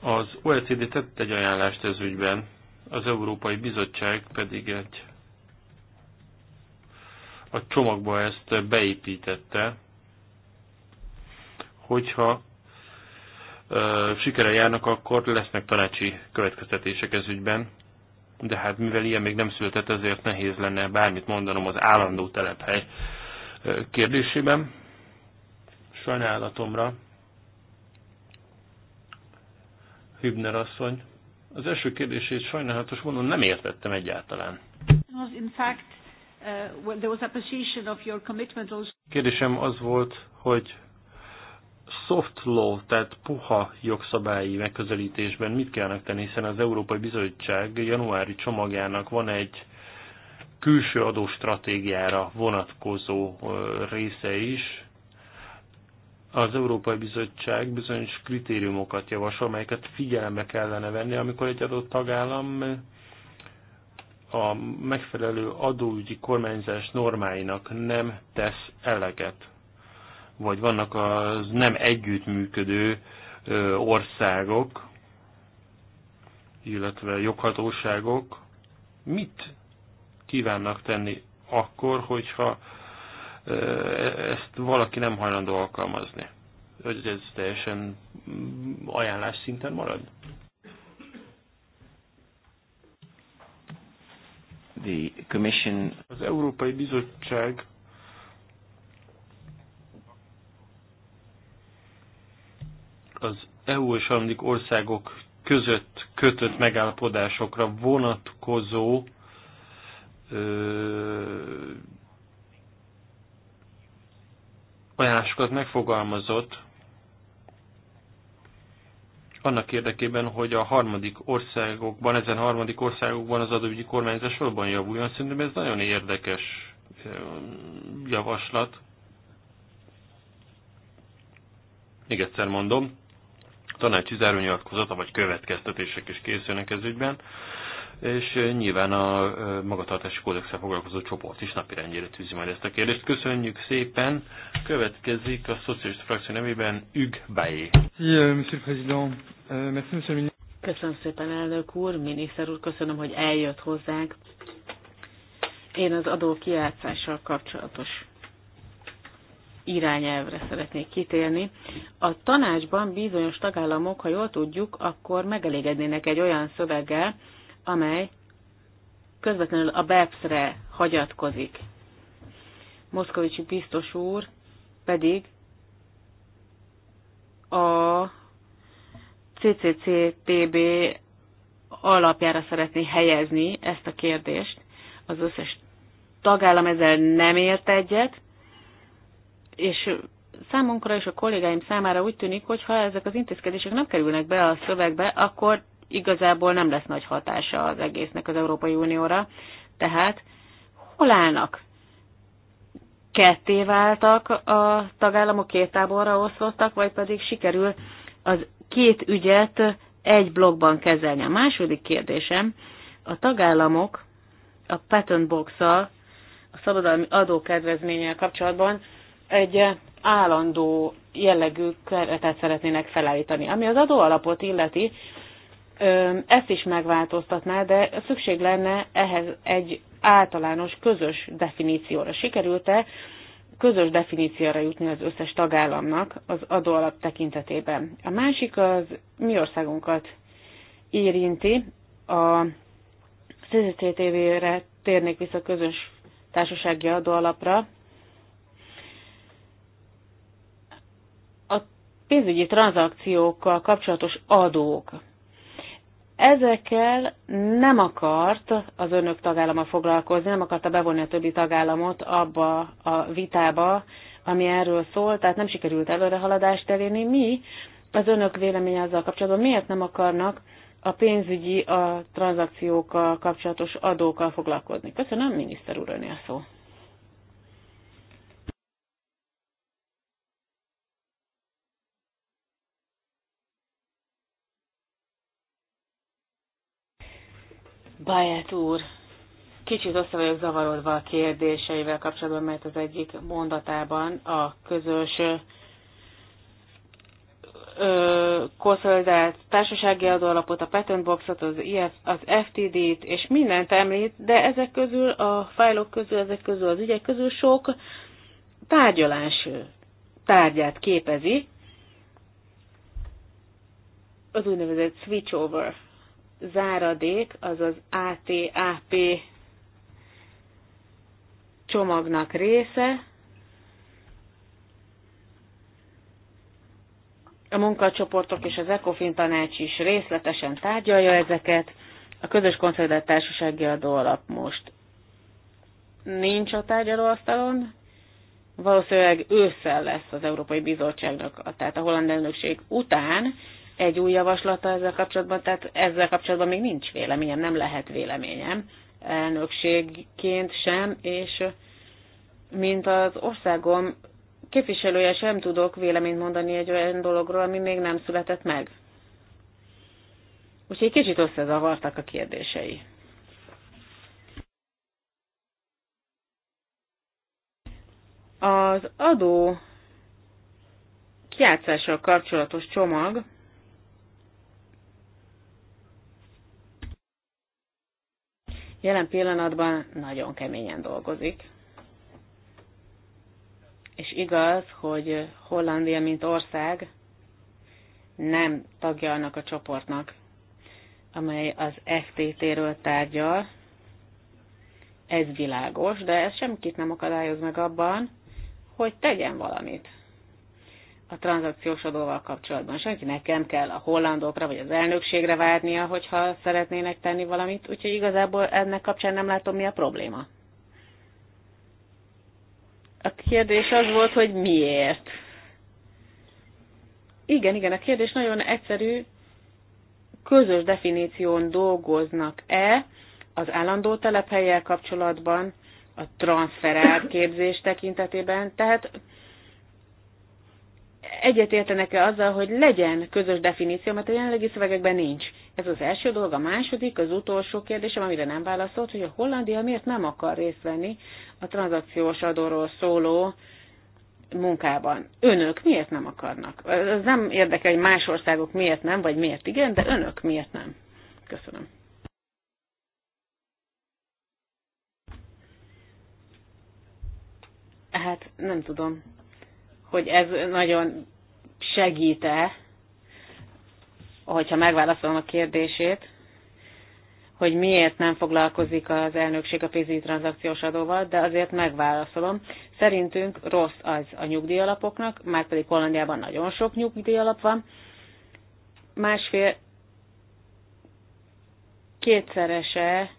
[SPEAKER 1] Az OECD tett egy ajánlást ez ügyben, az Európai Bizottság pedig egy a csomagba ezt beépítette, hogyha sikere járnak, akkor lesznek tanácsi következtetések ez ügyben, de hát mivel ilyen még nem született, ezért nehéz lenne bármit mondanom az állandó telephely kérdésében. Sajnálatomra Hübner asszony az első kérdését sajnálatos mondom, nem értettem egyáltalán.
[SPEAKER 2] In fact, Uh,
[SPEAKER 1] Kérdésem az volt, hogy soft law, tehát puha jogszabályi megközelítésben mit kellene tenni, hiszen az Európai Bizottság januári csomagjának van egy külső adóstratégiára vonatkozó része is. Az Európai Bizottság bizonyos kritériumokat javasol, amelyeket figyelembe kellene venni, amikor egy adott tagállam a megfelelő adóügyi kormányzás normáinak nem tesz eleget. Vagy vannak az nem együttműködő országok, illetve joghatóságok. Mit kívánnak tenni akkor, hogyha ezt valaki nem hajlandó alkalmazni? Hogy ez teljesen ajánlás szinten marad?
[SPEAKER 3] the Commission...
[SPEAKER 1] Az Európai Bizottság az EU és annak országok között kötött megállapodásokra vonatkozó ö, ajánlásokat megfogalmazott, annak érdekében, hogy a harmadik országokban, ezen harmadik országokban az adóügyi kormányzás valóban javuljon. Szerintem ez nagyon érdekes javaslat. Még egyszer mondom, tanácsi zárónyilatkozata vagy következtetések is készülnek ez ügyben és nyilván a magatartási kódexel foglalkozó csoport is napirendjére tűzi majd ezt a kérdést. Köszönjük szépen! Következik a szocialista frakció nevében Ügg Bájé.
[SPEAKER 2] Köszönöm szépen, elnök úr, miniszter úr, köszönöm, hogy eljött hozzánk. Én az adó kiátszással kapcsolatos irányelvre szeretnék kitérni. A tanácsban bizonyos tagállamok, ha jól tudjuk, akkor megelégednének egy olyan szöveggel, amely közvetlenül a BEPS-re hagyatkozik. Moszkovicsi biztos úr pedig a CCCTB alapjára szeretné helyezni ezt a kérdést. Az összes tagállam ezzel nem ért egyet, és számunkra és a kollégáim számára úgy tűnik, hogy ha ezek az intézkedések nem kerülnek be a szövegbe, akkor igazából nem lesz nagy hatása az egésznek az Európai Unióra. Tehát hol állnak? Ketté váltak a tagállamok, két táborra osztottak, vagy pedig sikerül az két ügyet egy blogban kezelni. A második kérdésem, a tagállamok a patent box a szabadalmi adókedvezménnyel kapcsolatban egy állandó jellegű keretet szeretnének felállítani. Ami az adóalapot illeti, ezt is megváltoztatná, de szükség lenne ehhez egy általános közös definícióra. Sikerült-e közös definícióra jutni az összes tagállamnak az adóalap tekintetében? A másik az mi országunkat érinti. A CCTV-re térnék vissza közös társasági adóalapra. A pénzügyi tranzakciókkal kapcsolatos adók Ezekkel nem akart az önök tagállama foglalkozni, nem akarta bevonni a többi tagállamot abba a vitába, ami erről szól, tehát nem sikerült előrehaladást elérni. Mi az önök véleménye azzal kapcsolatban, miért nem akarnak a pénzügyi, a tranzakciókkal kapcsolatos adókkal foglalkozni? Köszönöm, miniszter úr, a szó. Báját úr, kicsit össze vagyok zavarodva a kérdéseivel kapcsolatban, mert az egyik mondatában a közös konszolidált társasági adóalapot, a patent boxot, az, IF, az FTD-t, és mindent említ, de ezek közül, a fájlok közül, ezek közül, az ügyek közül sok tárgyalás tárgyát képezi, az úgynevezett switchover záradék, azaz ATAP csomagnak része. A munkacsoportok és az ECOFIN tanács is részletesen tárgyalja ezeket. A közös konszolidált társasági adóalap most nincs a tárgyalóasztalon, valószínűleg ősszel lesz az Európai Bizottságnak, tehát a holland elnökség után egy új javaslata ezzel kapcsolatban, tehát ezzel kapcsolatban még nincs véleményem, nem lehet véleményem elnökségként sem, és mint az országom képviselője sem tudok véleményt mondani egy olyan dologról, ami még nem született meg. Úgyhogy kicsit összezavartak a kérdései. Az adó kiátszással kapcsolatos csomag jelen pillanatban nagyon keményen dolgozik. És igaz, hogy Hollandia, mint ország, nem tagja annak a csoportnak, amely az FTT-ről tárgyal. Ez világos, de ez semkit nem akadályoz meg abban, hogy tegyen valamit a tranzakciós adóval kapcsolatban. Senki nekem kell a hollandokra vagy az elnökségre várnia, hogyha szeretnének tenni valamit, úgyhogy igazából ennek kapcsán nem látom, mi a probléma. A kérdés az volt, hogy miért. Igen, igen, a kérdés nagyon egyszerű. Közös definíción dolgoznak-e az állandó telephelyel kapcsolatban, a transferált képzés tekintetében? Tehát egyetértenek-e azzal, hogy legyen közös definíció, mert a jelenlegi szövegekben nincs. Ez az első dolog. A második, az utolsó kérdésem, amire nem válaszolt, hogy a Hollandia miért nem akar részt venni a tranzakciós adóról szóló munkában. Önök miért nem akarnak? Ez nem érdekel, hogy más országok miért nem, vagy miért igen, de önök miért nem? Köszönöm. Hát nem tudom, hogy ez nagyon segíte, hogyha megválaszolom a kérdését, hogy miért nem foglalkozik az elnökség a pénzügyi tranzakciós adóval, de azért megválaszolom. Szerintünk rossz az a nyugdíjalapoknak, már pedig Hollandiában nagyon sok nyugdíjalap van. Másfél kétszerese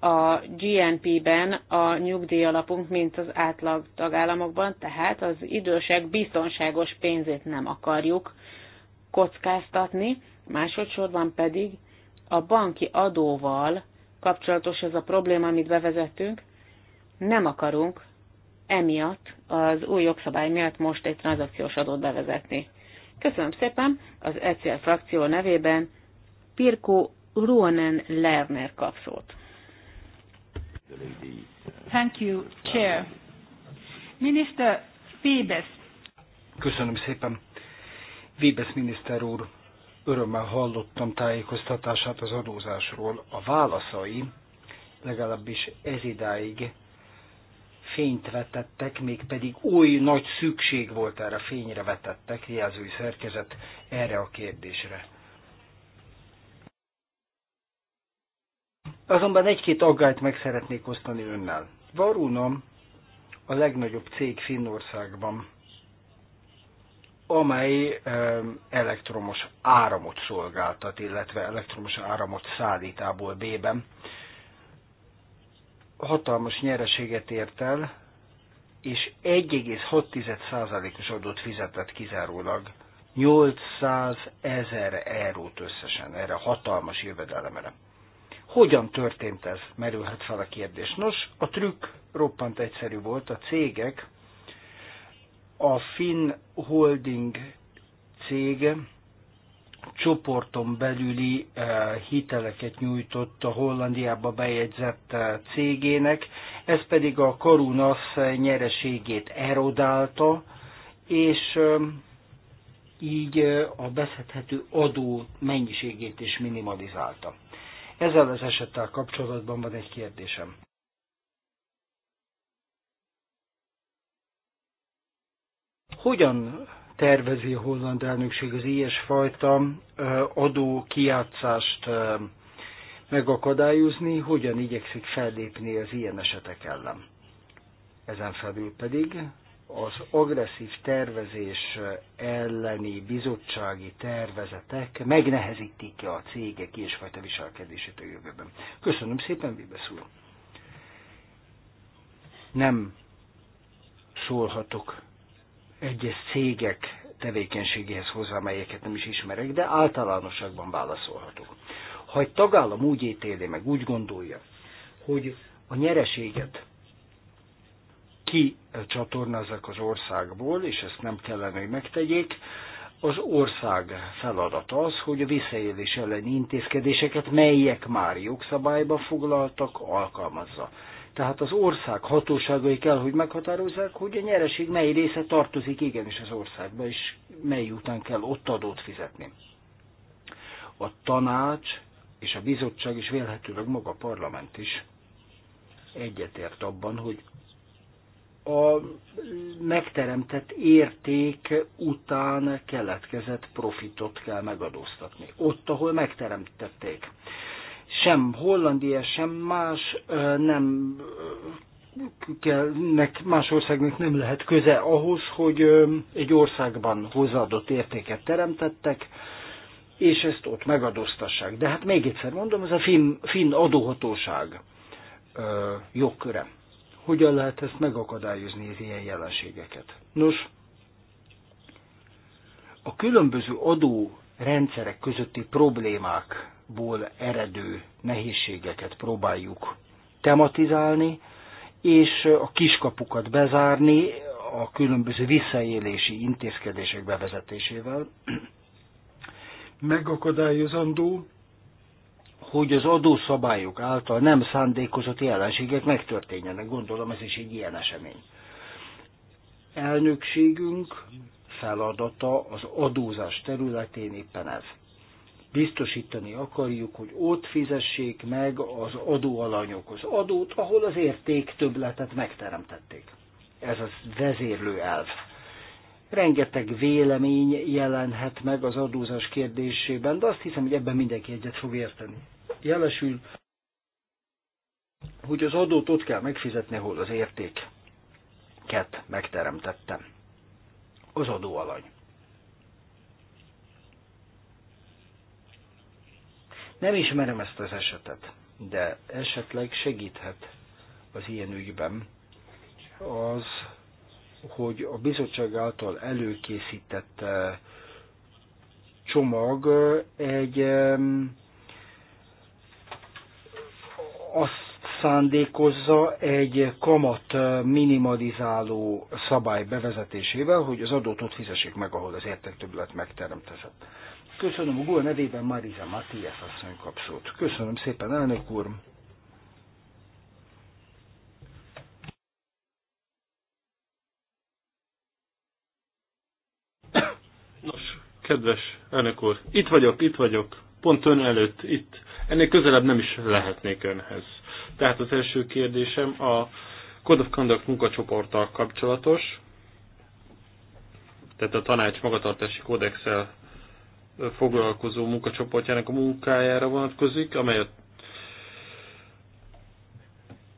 [SPEAKER 2] a GNP-ben a nyugdíjalapunk, mint az átlag tagállamokban, tehát az idősek biztonságos pénzét nem akarjuk kockáztatni, másodszorban pedig a banki adóval kapcsolatos ez a probléma, amit bevezettünk, nem akarunk emiatt az új jogszabály miatt most egy tranzakciós adót bevezetni. Köszönöm szépen az ECL frakció nevében Pirko Ruonen Lerner kapszót. Uh, Thank you, Chair. Minister Fébes.
[SPEAKER 3] Köszönöm szépen. Fébes miniszter úr, örömmel hallottam tájékoztatását az adózásról. A válaszai legalábbis ez idáig fényt vetettek, mégpedig oly nagy szükség volt erre, fényre vetettek, jelzői szerkezet erre a kérdésre. Azonban egy-két aggályt meg szeretnék osztani önnel. Varunam a legnagyobb cég Finnországban, amely elektromos áramot szolgáltat, illetve elektromos áramot szállítából B-ben. Hatalmas nyereséget ért el, és 1,6%-os adót fizetett kizárólag 800 ezer eurót összesen erre hatalmas jövedelemre. Hogyan történt ez? Merülhet fel a kérdés. Nos, a trükk roppant egyszerű volt. A cégek, a Finn Holding cég csoporton belüli eh, hiteleket nyújtott a Hollandiába bejegyzett eh, cégének, ez pedig a Karunas nyereségét erodálta, és eh, így a beszedhető adó mennyiségét is minimalizálta. Ezzel az esettel kapcsolatban van egy kérdésem. Hogyan tervezi a holland elnökség az ilyesfajta adó kiátszást megakadályozni, hogyan igyekszik fellépni az ilyen esetek ellen? Ezen felül pedig az agresszív tervezés elleni bizottsági tervezetek megnehezítik a cégek ilyesfajta viselkedését a jövőben. Köszönöm szépen, Vibesz úr! Nem szólhatok egyes cégek tevékenységéhez hozzá, melyeket nem is ismerek, de általánosságban válaszolhatok. Ha egy tagállam úgy ítéli meg, úgy gondolja, hogy a nyereséget ki csatornázzák az országból, és ezt nem kellene, hogy megtegyék, az ország feladat az, hogy a visszaélés elleni intézkedéseket, melyek már jogszabályba foglaltak, alkalmazza. Tehát az ország hatóságai kell, hogy meghatározzák, hogy a nyereség mely része tartozik igenis az országba, és mely után kell ott adót fizetni. A tanács és a bizottság, és vélhetőleg maga a parlament is egyetért abban, hogy a megteremtett érték után keletkezett profitot kell megadóztatni. Ott, ahol megteremtették. Sem Hollandia, sem más nem kell, más országnak nem lehet köze ahhoz, hogy egy országban hozzáadott értéket teremtettek, és ezt ott megadóztassák. De hát még egyszer mondom, ez a finn, finn adóhatóság jogköre hogyan lehet ezt megakadályozni, az ilyen jelenségeket. Nos, a különböző adó rendszerek közötti problémákból eredő nehézségeket próbáljuk tematizálni, és a kiskapukat bezárni a különböző visszaélési intézkedések bevezetésével. Megakadályozandó, hogy az adószabályok által nem szándékozott jelenségek megtörténjenek. Gondolom ez is egy ilyen esemény. Elnökségünk feladata az adózás területén éppen ez. Biztosítani akarjuk, hogy ott fizessék meg az adóalanyok az adót, ahol az érték többletet megteremtették. Ez az vezérlő elv. Rengeteg vélemény jelenhet meg az adózás kérdésében, de azt hiszem, hogy ebben mindenki egyet fog érteni jelesül, hogy az adót ott kell megfizetni, hol az értéket megteremtettem. Az adóalany. Nem ismerem ezt az esetet, de esetleg segíthet az ilyen ügyben az, hogy a bizottság által előkészített eh, csomag egy azt szándékozza egy kamat minimalizáló szabály bevezetésével, hogy az adót ott fizessék meg, ahol az értéktöblet megteremtezett. Köszönöm a GUA nevében Mariza Matias asszony kapszót. Köszönöm szépen, elnök úr!
[SPEAKER 1] Nos, kedves elnök úr, itt vagyok, itt vagyok pont ön előtt itt. Ennél közelebb nem is lehetnék önhez. Tehát az első kérdésem a Code of Conduct munkacsoporttal kapcsolatos, tehát a tanács magatartási kódexel foglalkozó munkacsoportjának a munkájára vonatkozik, amely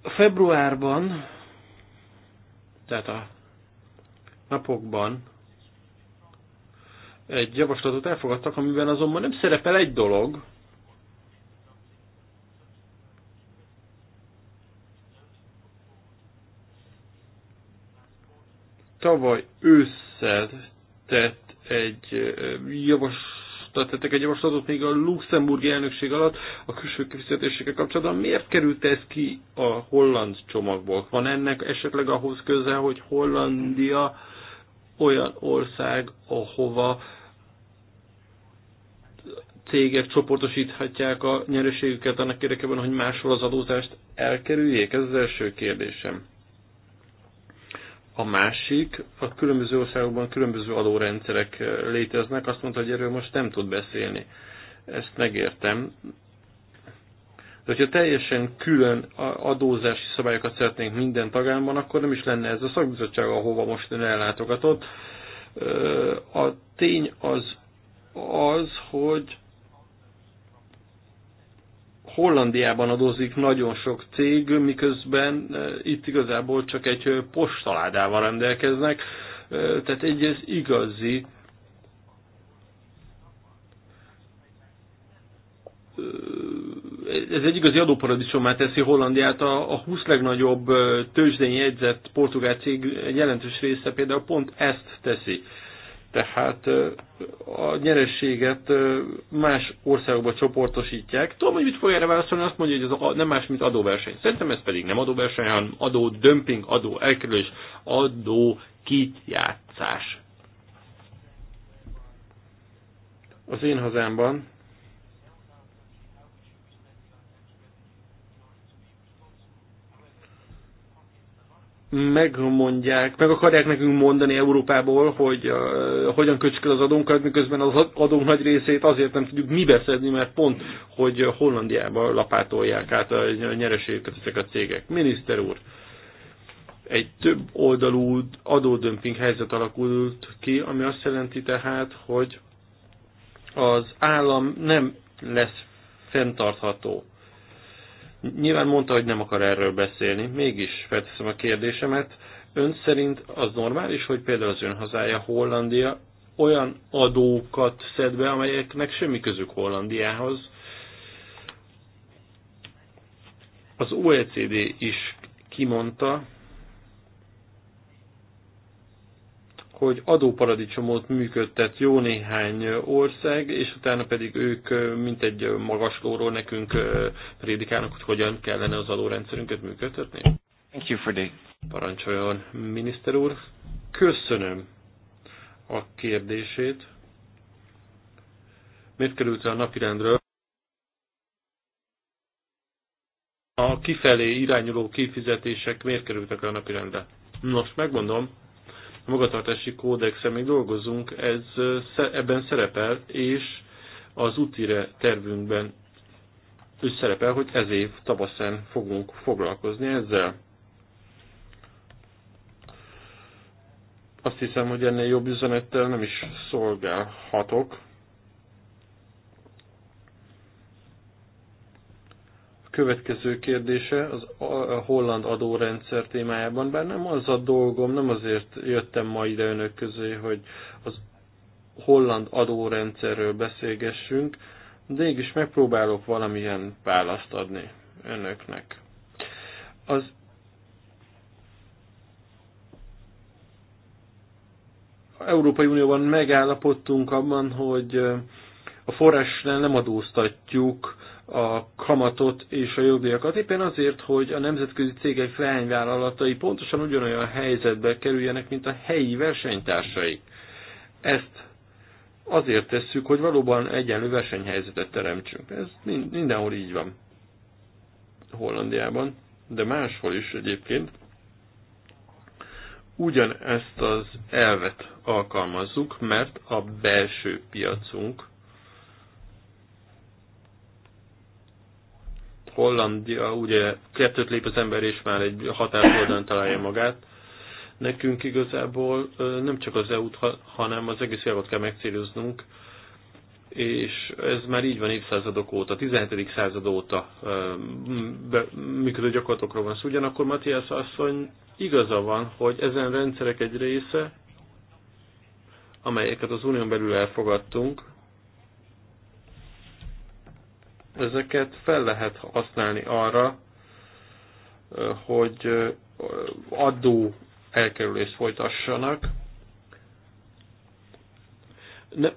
[SPEAKER 1] a februárban, tehát a napokban egy javaslatot elfogadtak, amiben azonban nem szerepel egy dolog, tavaly ősszel tett egy javaslat, tettek egy javaslatot még a luxemburgi elnökség alatt a külső kifizetésekkel kapcsolatban. Miért került ez ki a holland csomagból? Van ennek esetleg ahhoz köze, hogy Hollandia olyan ország, ahova cégek csoportosíthatják a nyereségüket annak érdekében, hogy máshol az adózást elkerüljék? Ez az első kérdésem. A másik, a különböző országokban különböző adórendszerek eh, léteznek, azt mondta, hogy erről most nem tud beszélni. Ezt megértem. De hogyha teljesen külön adózási szabályokat szeretnénk minden tagállamban, akkor nem is lenne ez a szakbizottság, ahova most ön ellátogatott. Eh, a tény az az, hogy Hollandiában adózik nagyon sok cég, miközben e, itt igazából csak egy e, postaládával rendelkeznek, e, tehát egy ez igazi ez egy igazi adóparadicsomá teszi Hollandiát. A, a 20 legnagyobb tőzsdén jegyzett portugál cég jelentős része például pont ezt teszi tehát a nyerességet más országokba csoportosítják. Tudom, hogy mit fog erre válaszolni, azt mondja, hogy ez nem más, mint adóverseny. Szerintem ez pedig nem adóverseny, hanem adó dömping, adó elkerülés, adó kitjátszás. Az én hazámban megmondják, meg akarják nekünk mondani Európából, hogy uh, hogyan kötsük el az adónkat, miközben az adónk nagy részét azért nem tudjuk mi beszedni, mert pont, hogy Hollandiába lapátolják át a nyereségeket ezek a cégek. Miniszter úr, egy több oldalú adódömping helyzet alakult ki, ami azt jelenti tehát, hogy az állam nem lesz fenntartható. Nyilván mondta, hogy nem akar erről beszélni, mégis felteszem a kérdésemet. Ön szerint az normális, hogy például az ön hazája Hollandia olyan adókat szed be, amelyeknek semmi közük Hollandiához. Az OECD is kimondta, hogy adóparadicsomot működtet jó néhány ország, és utána pedig ők mint egy magaslóról nekünk prédikálnak, hogy hogyan kellene az adórendszerünket működtetni. Thank you for the... Parancsoljon, miniszter úr. Köszönöm a kérdését. Miért került a napirendről? A kifelé irányuló kifizetések miért kerültek a napirendre? Nos, megmondom, a magatartási kódexre még dolgozunk, ez ebben szerepel, és az útire tervünkben is szerepel, hogy ez év tavaszán fogunk foglalkozni ezzel. Azt hiszem, hogy ennél jobb üzenettel nem is szolgálhatok. Következő kérdése az a holland adórendszer témájában, bár nem az a dolgom, nem azért jöttem ma ide önök közé, hogy az holland adórendszerről beszélgessünk, de mégis megpróbálok valamilyen választ adni önöknek. Az Európai Unióban megállapodtunk abban, hogy a forrásnál nem adóztatjuk a kamatot és a jogdíjakat. Éppen azért, hogy a nemzetközi cégek leányvállalatai pontosan ugyanolyan helyzetbe kerüljenek, mint a helyi versenytársaik. Ezt azért tesszük, hogy valóban egyenlő versenyhelyzetet teremtsünk. Ez mindenhol így van. Hollandiában, de máshol is egyébként. Ugyanezt az elvet alkalmazzuk, mert a belső piacunk Hollandia ugye kettőt lép az ember, és már egy határoldalon találja magát. Nekünk igazából nem csak az EU-t, hanem az egész világot kell megcéloznunk, és ez már így van évszázadok óta, 17. század óta működő gyakorlatokról van szó. Ugyanakkor Matthias asszony igaza van, hogy ezen rendszerek egy része, amelyeket az unión belül elfogadtunk, ezeket fel lehet használni arra, hogy adó elkerülést folytassanak. Ne,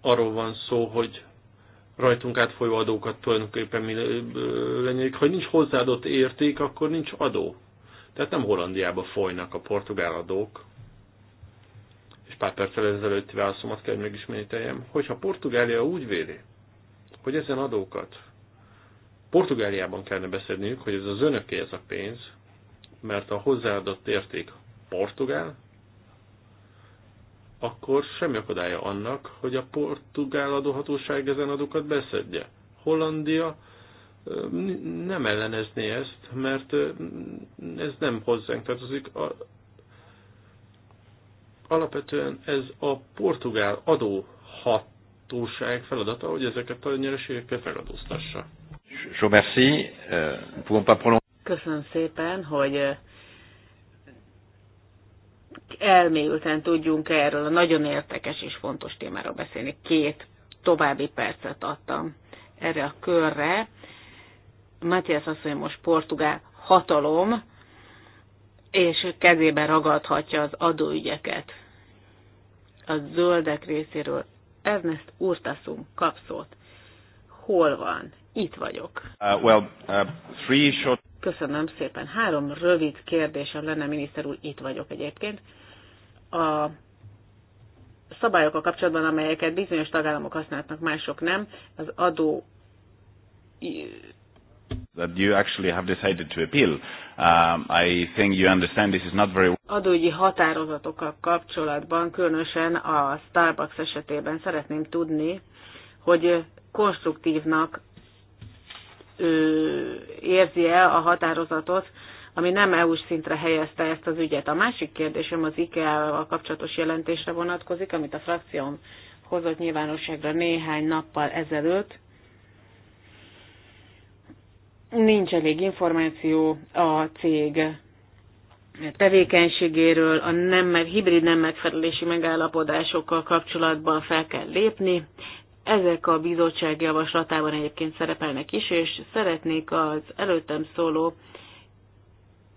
[SPEAKER 1] arról van szó, hogy rajtunk átfolyó adókat tulajdonképpen mi lennék. Ha nincs hozzáadott érték, akkor nincs adó. Tehát nem Hollandiába folynak a portugál adók, egy pár perccel ezelőtti válaszomat kell, hogy megismételjem, hogyha Portugália úgy véli, hogy ezen adókat Portugáliában kellene beszedniük, hogy ez az önöké ez a pénz, mert a hozzáadott érték portugál, akkor semmi akadálya annak, hogy a portugál adóhatóság ezen adókat beszedje. Hollandia nem ellenezné ezt, mert ez nem hozzánk tartozik, Alapvetően ez a portugál adóhatóság feladata, hogy ezeket a nyereségeket feladóztassa. Euh,
[SPEAKER 2] Köszönöm szépen, hogy euh, elmélyülten tudjunk erről a nagyon értekes és fontos témáról beszélni. Két további percet adtam erre a körre. Matthias hogy most portugál hatalom, és kezébe ragadhatja az adóügyeket. A zöldek részéről Ernest Urtasum kapszót. Hol van? Itt vagyok.
[SPEAKER 1] Uh, well, uh, three short...
[SPEAKER 2] Köszönöm szépen. Három rövid kérdésem lenne, miniszter úr, itt vagyok egyébként. A szabályokkal kapcsolatban, amelyeket bizonyos tagállamok használnak, mások nem, az adó
[SPEAKER 1] that you actually have decided to appeal. Um, I think you understand this is not very...
[SPEAKER 2] Adógyi határozatokkal kapcsolatban, különösen a Starbucks esetében szeretném tudni, hogy konstruktívnak érzi-e a határozatot, ami nem EU-s szintre helyezte ezt az ügyet. A másik kérdésem az IKEA-val kapcsolatos jelentésre vonatkozik, amit a frakcióm hozott nyilvánosságra néhány nappal ezelőtt nincs elég információ a cég tevékenységéről, a nem meg, hibrid nem megfelelési megállapodásokkal kapcsolatban fel kell lépni. Ezek a bizottság javaslatában egyébként szerepelnek is, és szeretnék az előttem szóló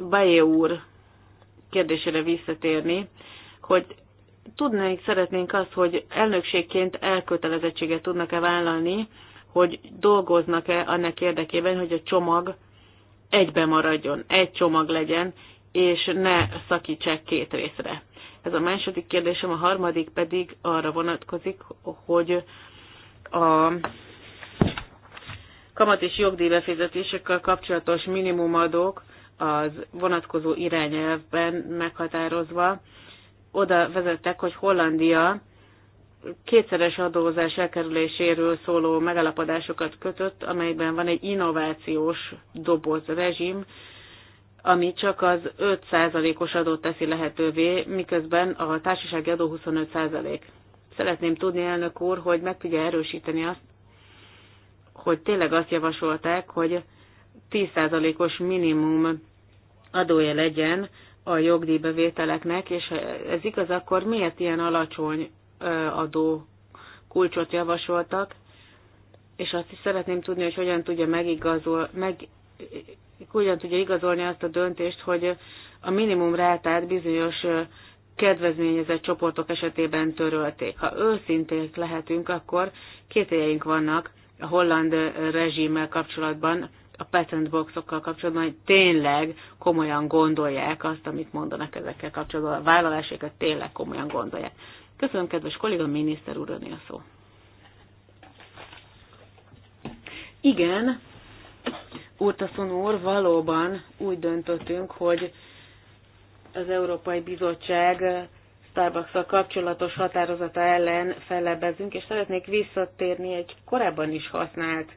[SPEAKER 2] Bajé úr kérdésére visszatérni, hogy tudnánk, szeretnénk azt, hogy elnökségként elkötelezettséget tudnak-e vállalni hogy dolgoznak-e annak érdekében, hogy a csomag egybe maradjon, egy csomag legyen, és ne szakítsák két részre. Ez a második kérdésem, a harmadik pedig arra vonatkozik, hogy a kamat és jogdíjbefizetésekkel kapcsolatos minimumadók az vonatkozó irányelvben meghatározva oda vezettek, hogy Hollandia kétszeres adózás elkerüléséről szóló megalapodásokat kötött, amelyben van egy innovációs doboz rezsim, ami csak az 5%-os adót teszi lehetővé, miközben a társasági adó 25%. Szeretném tudni, elnök úr, hogy meg tudja erősíteni azt, hogy tényleg azt javasolták, hogy 10%-os minimum adója legyen a jogdíjbevételeknek, és ha ez igaz, akkor miért ilyen alacsony adó kulcsot javasoltak, és azt is szeretném tudni, hogy hogyan tudja megigazol, meg, hogyan tudja igazolni azt a döntést, hogy a minimum rátát bizonyos kedvezményezett csoportok esetében törölték. Ha őszinték lehetünk, akkor kételjeink vannak a holland rezsimmel kapcsolatban, a patent boxokkal kapcsolatban, hogy tényleg komolyan gondolják azt, amit mondanak ezekkel kapcsolatban, a vállalásokat tényleg komolyan gondolják. Köszönöm, kedves kolléga, miniszter úr, a szó. Igen, úrtaszon úr, valóban úgy döntöttünk, hogy az Európai Bizottság starbucks kapcsolatos határozata ellen fellebezünk, és szeretnék visszatérni egy korábban is használt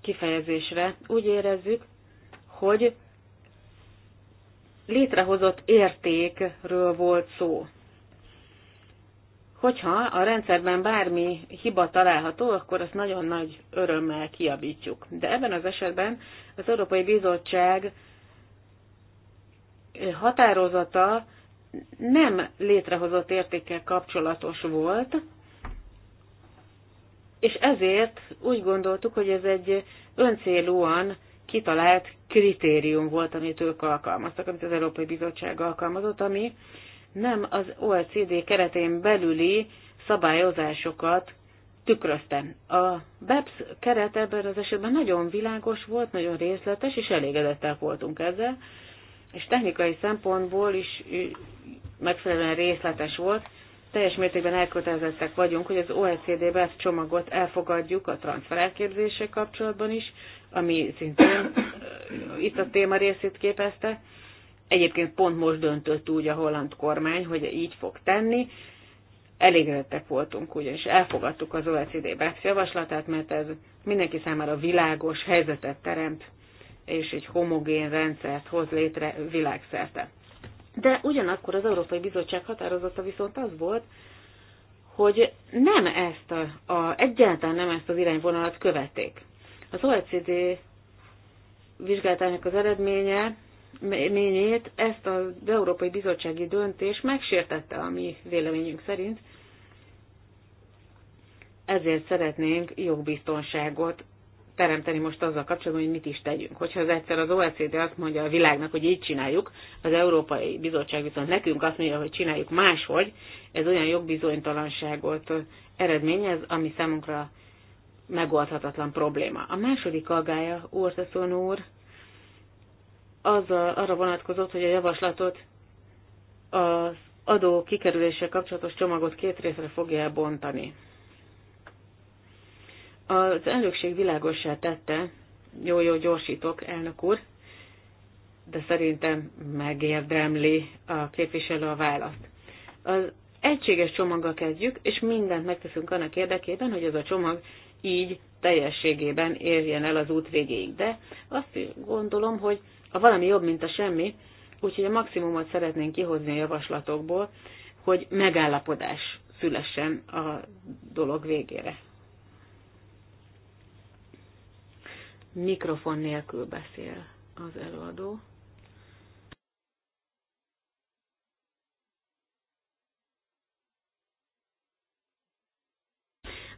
[SPEAKER 2] kifejezésre. Úgy érezzük, hogy létrehozott értékről volt szó. Hogyha a rendszerben bármi hiba található, akkor azt nagyon nagy örömmel kiabítjuk. De ebben az esetben az Európai Bizottság határozata nem létrehozott értékkel kapcsolatos volt, és ezért úgy gondoltuk, hogy ez egy öncélúan kitalált kritérium volt, amit ők alkalmaztak, amit az Európai Bizottság alkalmazott, ami nem az OECD keretén belüli szabályozásokat tükrözte. A BEPS keret ebben az esetben nagyon világos volt, nagyon részletes, és elégedettek voltunk ezzel, és technikai szempontból is megfelelően részletes volt. Teljes mértékben elkötelezettek vagyunk, hogy az OECD BEPS csomagot elfogadjuk a transferelképzéssel kapcsolatban is, ami szintén itt a téma részét képezte, Egyébként pont most döntött úgy a holland kormány, hogy így fog tenni. Elégedettek voltunk, ugyanis elfogadtuk az OECD BEPS javaslatát, mert ez mindenki számára világos helyzetet teremt, és egy homogén rendszert hoz létre világszerte. De ugyanakkor az Európai Bizottság határozata viszont az volt, hogy nem ezt a, a egyáltalán nem ezt az irányvonalat követték. Az OECD vizsgálatának az eredménye véleményét, ezt az Európai Bizottsági döntés megsértette a mi véleményünk szerint, ezért szeretnénk jogbiztonságot teremteni most azzal kapcsolatban, hogy mit is tegyünk. Hogyha az egyszer az OECD azt mondja a világnak, hogy így csináljuk, az Európai Bizottság viszont nekünk azt mondja, hogy csináljuk máshogy, ez olyan jogbizonytalanságot eredményez, ami számunkra megoldhatatlan probléma. A második aggája, Orteszon úr, a, arra vonatkozott, hogy a javaslatot az adó kikerülése kapcsolatos csomagot két részre fogja elbontani. Az elnökség világosá tette, jó-jó gyorsítok, elnök úr, de szerintem megérdemli a képviselő a választ. Az egységes csomaggal kezdjük, és mindent megteszünk annak érdekében, hogy ez a csomag így teljességében érjen el az út végéig. De azt gondolom, hogy a valami jobb, mint a semmi, úgyhogy a maximumot szeretnénk kihozni a javaslatokból, hogy megállapodás szülessen a dolog végére. Mikrofon
[SPEAKER 3] nélkül beszél az előadó.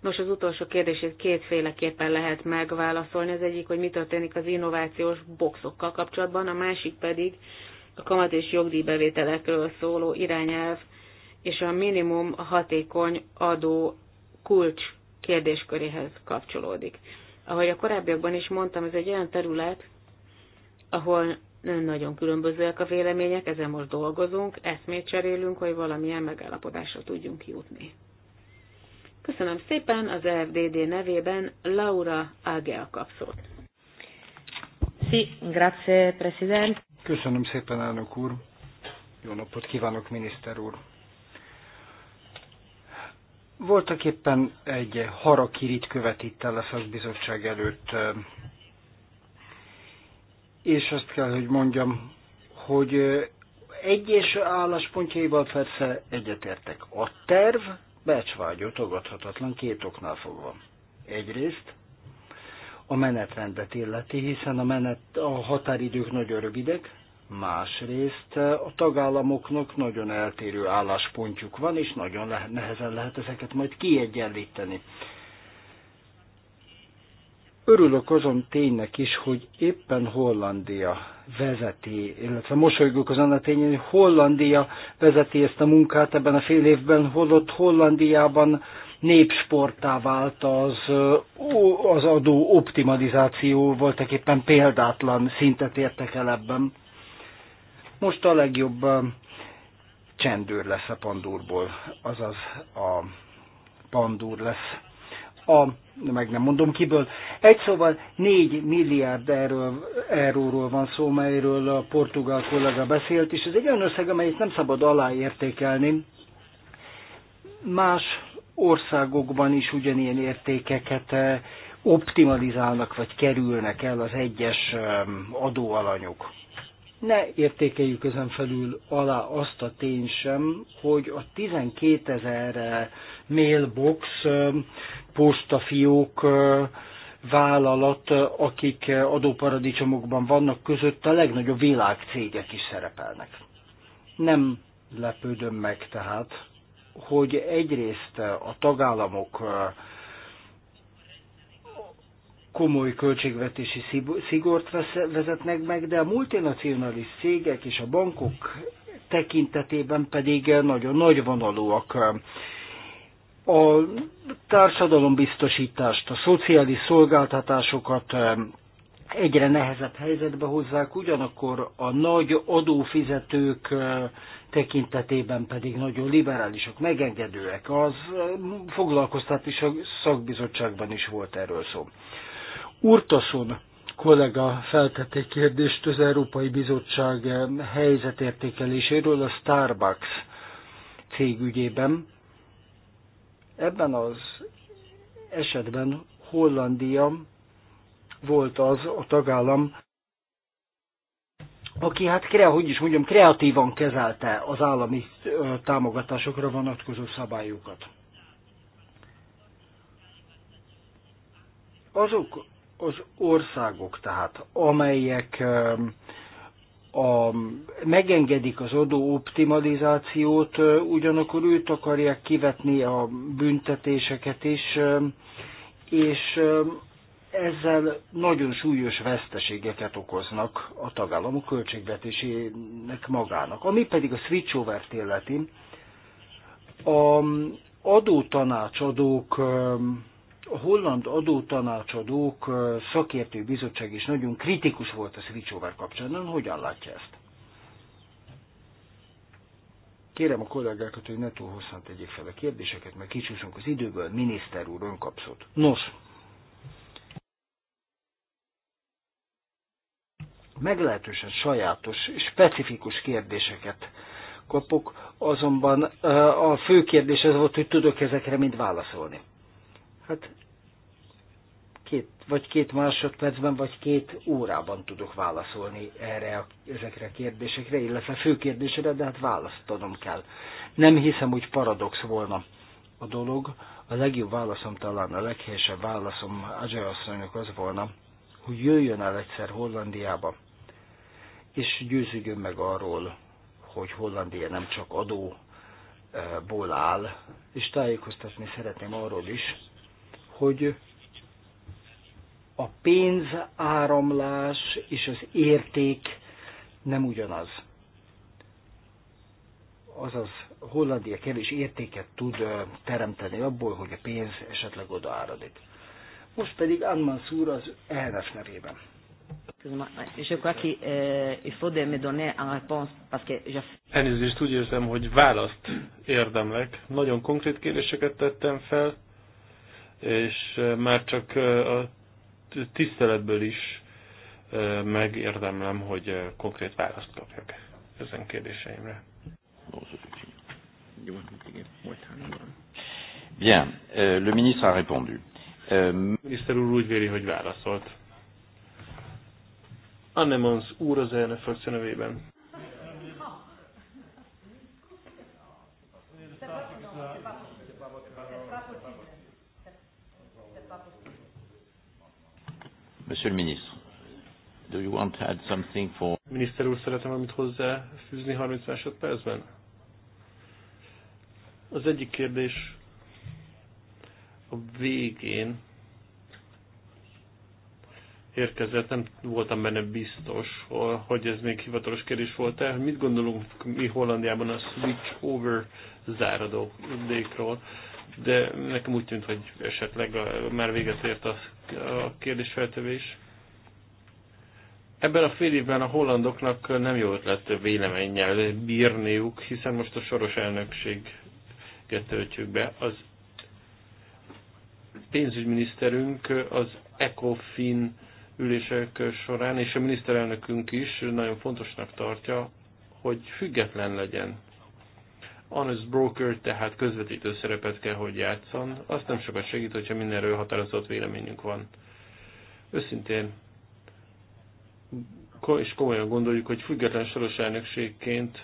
[SPEAKER 2] Nos, az utolsó kérdését kétféleképpen lehet megválaszolni. Az egyik, hogy mi történik az innovációs boxokkal kapcsolatban, a másik pedig a kamat és jogdíjbevételekről szóló irányelv és a minimum hatékony adó kulcs kérdésköréhez kapcsolódik. Ahogy a korábbiakban is mondtam, ez egy olyan terület, ahol nagyon különbözőek a vélemények, ezen most dolgozunk, eszmét cserélünk, hogy valamilyen megállapodásra tudjunk jutni. Köszönöm szépen az FDD nevében Laura a kapszót.
[SPEAKER 3] Sí, grazie, president. Köszönöm szépen, elnök úr. Jó napot kívánok, miniszter úr. Voltak éppen egy harakirit követ itt el a szakbizottság előtt, és azt kell, hogy mondjam, hogy egyes álláspontjaival persze egyetértek. A terv becsvágyó tagadhatatlan két oknál fogva. Egyrészt a menetrendet illeti, hiszen a, menet, a határidők nagyon rövidek, másrészt a tagállamoknak nagyon eltérő álláspontjuk van, és nagyon nehezen lehet ezeket majd kiegyenlíteni. Örülök azon ténynek is, hogy éppen Hollandia vezeti, illetve mosolygok azon a tényen, hogy Hollandia vezeti ezt a munkát ebben a fél évben, holott Hollandiában népsportá vált az, az adó optimalizáció, voltak éppen példátlan szintet értek el ebben. Most a legjobb csendőr lesz a pandúrból, azaz a pandúr lesz. A meg nem mondom kiből. Egy szóval 4 milliárd erről, euróról van szó, melyről a portugál kollega beszélt, és ez egy olyan összeg, amelyet nem szabad aláértékelni. Más országokban is ugyanilyen értékeket eh, optimalizálnak vagy kerülnek el az egyes eh, adóalanyok. Ne értékeljük ezen felül alá azt a tény sem, hogy a 12 ezer eh, mailbox, postafiók, vállalat, akik adóparadicsomokban vannak között, a legnagyobb világcégek is szerepelnek. Nem lepődöm meg tehát, hogy egyrészt a tagállamok komoly költségvetési szigort vezetnek meg, de a multinacionalis cégek és a bankok tekintetében pedig nagyon nagyvonalúak a társadalombiztosítást, a szociális szolgáltatásokat egyre nehezebb helyzetbe hozzák, ugyanakkor a nagy adófizetők tekintetében pedig nagyon liberálisok, megengedőek. Az foglalkoztat is a szakbizottságban is volt erről szó. Urtasun kollega feltett egy kérdést az Európai Bizottság helyzetértékeléséről a Starbucks cég ügyében. Ebben az esetben Hollandia volt az a tagállam, aki hát, kre, hogy is mondjam, kreatívan kezelte az állami támogatásokra vonatkozó szabályokat. Azok az országok tehát, amelyek a, megengedik az adó optimalizációt, ugyanakkor őt akarják kivetni a büntetéseket is, és ezzel nagyon súlyos veszteségeket okoznak a tagállamok költségvetésének magának. Ami pedig a switchover-t illeti, a adótanácsadók a holland adótanácsadók szakértő bizottság is nagyon kritikus volt a Szvicsóvár kapcsán. hogyan látja ezt? Kérem a kollégákat, hogy ne túl hosszan tegyék fel a kérdéseket, mert kicsúszunk az időből, miniszter úr önkapszott. Nos, meglehetősen sajátos, specifikus kérdéseket kapok, azonban a fő kérdés az volt, hogy tudok ezekre mind válaszolni. Hát két, vagy két másodpercben, vagy két órában tudok válaszolni erre a, ezekre a kérdésekre, illetve fő kérdésre, de hát választanom kell. Nem hiszem, hogy paradox volna a dolog. A legjobb válaszom, talán a leghelyesebb válaszom Adzsaj asszonynak az volna, hogy jöjjön el egyszer Hollandiába, és győződjön meg arról, hogy Hollandia nem csak adóból áll, és tájékoztatni szeretném arról is, hogy a pénzáramlás és az érték nem ugyanaz. Azaz Hollandia kevés értéket tud teremteni abból, hogy a pénz esetleg odaáradik. Most pedig Anman Szúr az ENF nevében.
[SPEAKER 2] Euh,
[SPEAKER 1] Elnézést, úgy érzem, hogy választ érdemlek. Nagyon konkrét kérdéseket tettem fel, és már csak a tiszteletből is megérdemlem, hogy konkrét választ kapjak ezen kérdéseimre.
[SPEAKER 3] Bien, euh, le ministre
[SPEAKER 1] a répondu. Euh, Miniszter úr úgy véli, hogy válaszolt. Annemans úr az elnök frakció nevében. Monsieur le Ministre, do you want to add something for... Miniszter úr, szeretem valamit hozzáfűzni 30 másodpercben? Az egyik kérdés a végén érkezett, nem voltam benne biztos, hogy ez még hivatalos kérdés volt-e. Mit gondolunk mi Hollandiában a switch over záradó de nekem úgy tűnt, hogy esetleg már véget ért a a kérdésfeltevés. Ebben a fél évben a hollandoknak nem jó ötlet véleménnyel bírniuk, hiszen most a soros elnökséget töltjük be. Az pénzügyminiszterünk az ECOFIN ülések során, és a miniszterelnökünk is nagyon fontosnak tartja, hogy független legyen honest broker, tehát közvetítő szerepet kell, hogy játszon. Azt nem sokat segít, hogyha mindenről határozott véleményünk van. Őszintén és komolyan gondoljuk, hogy független soros elnökségként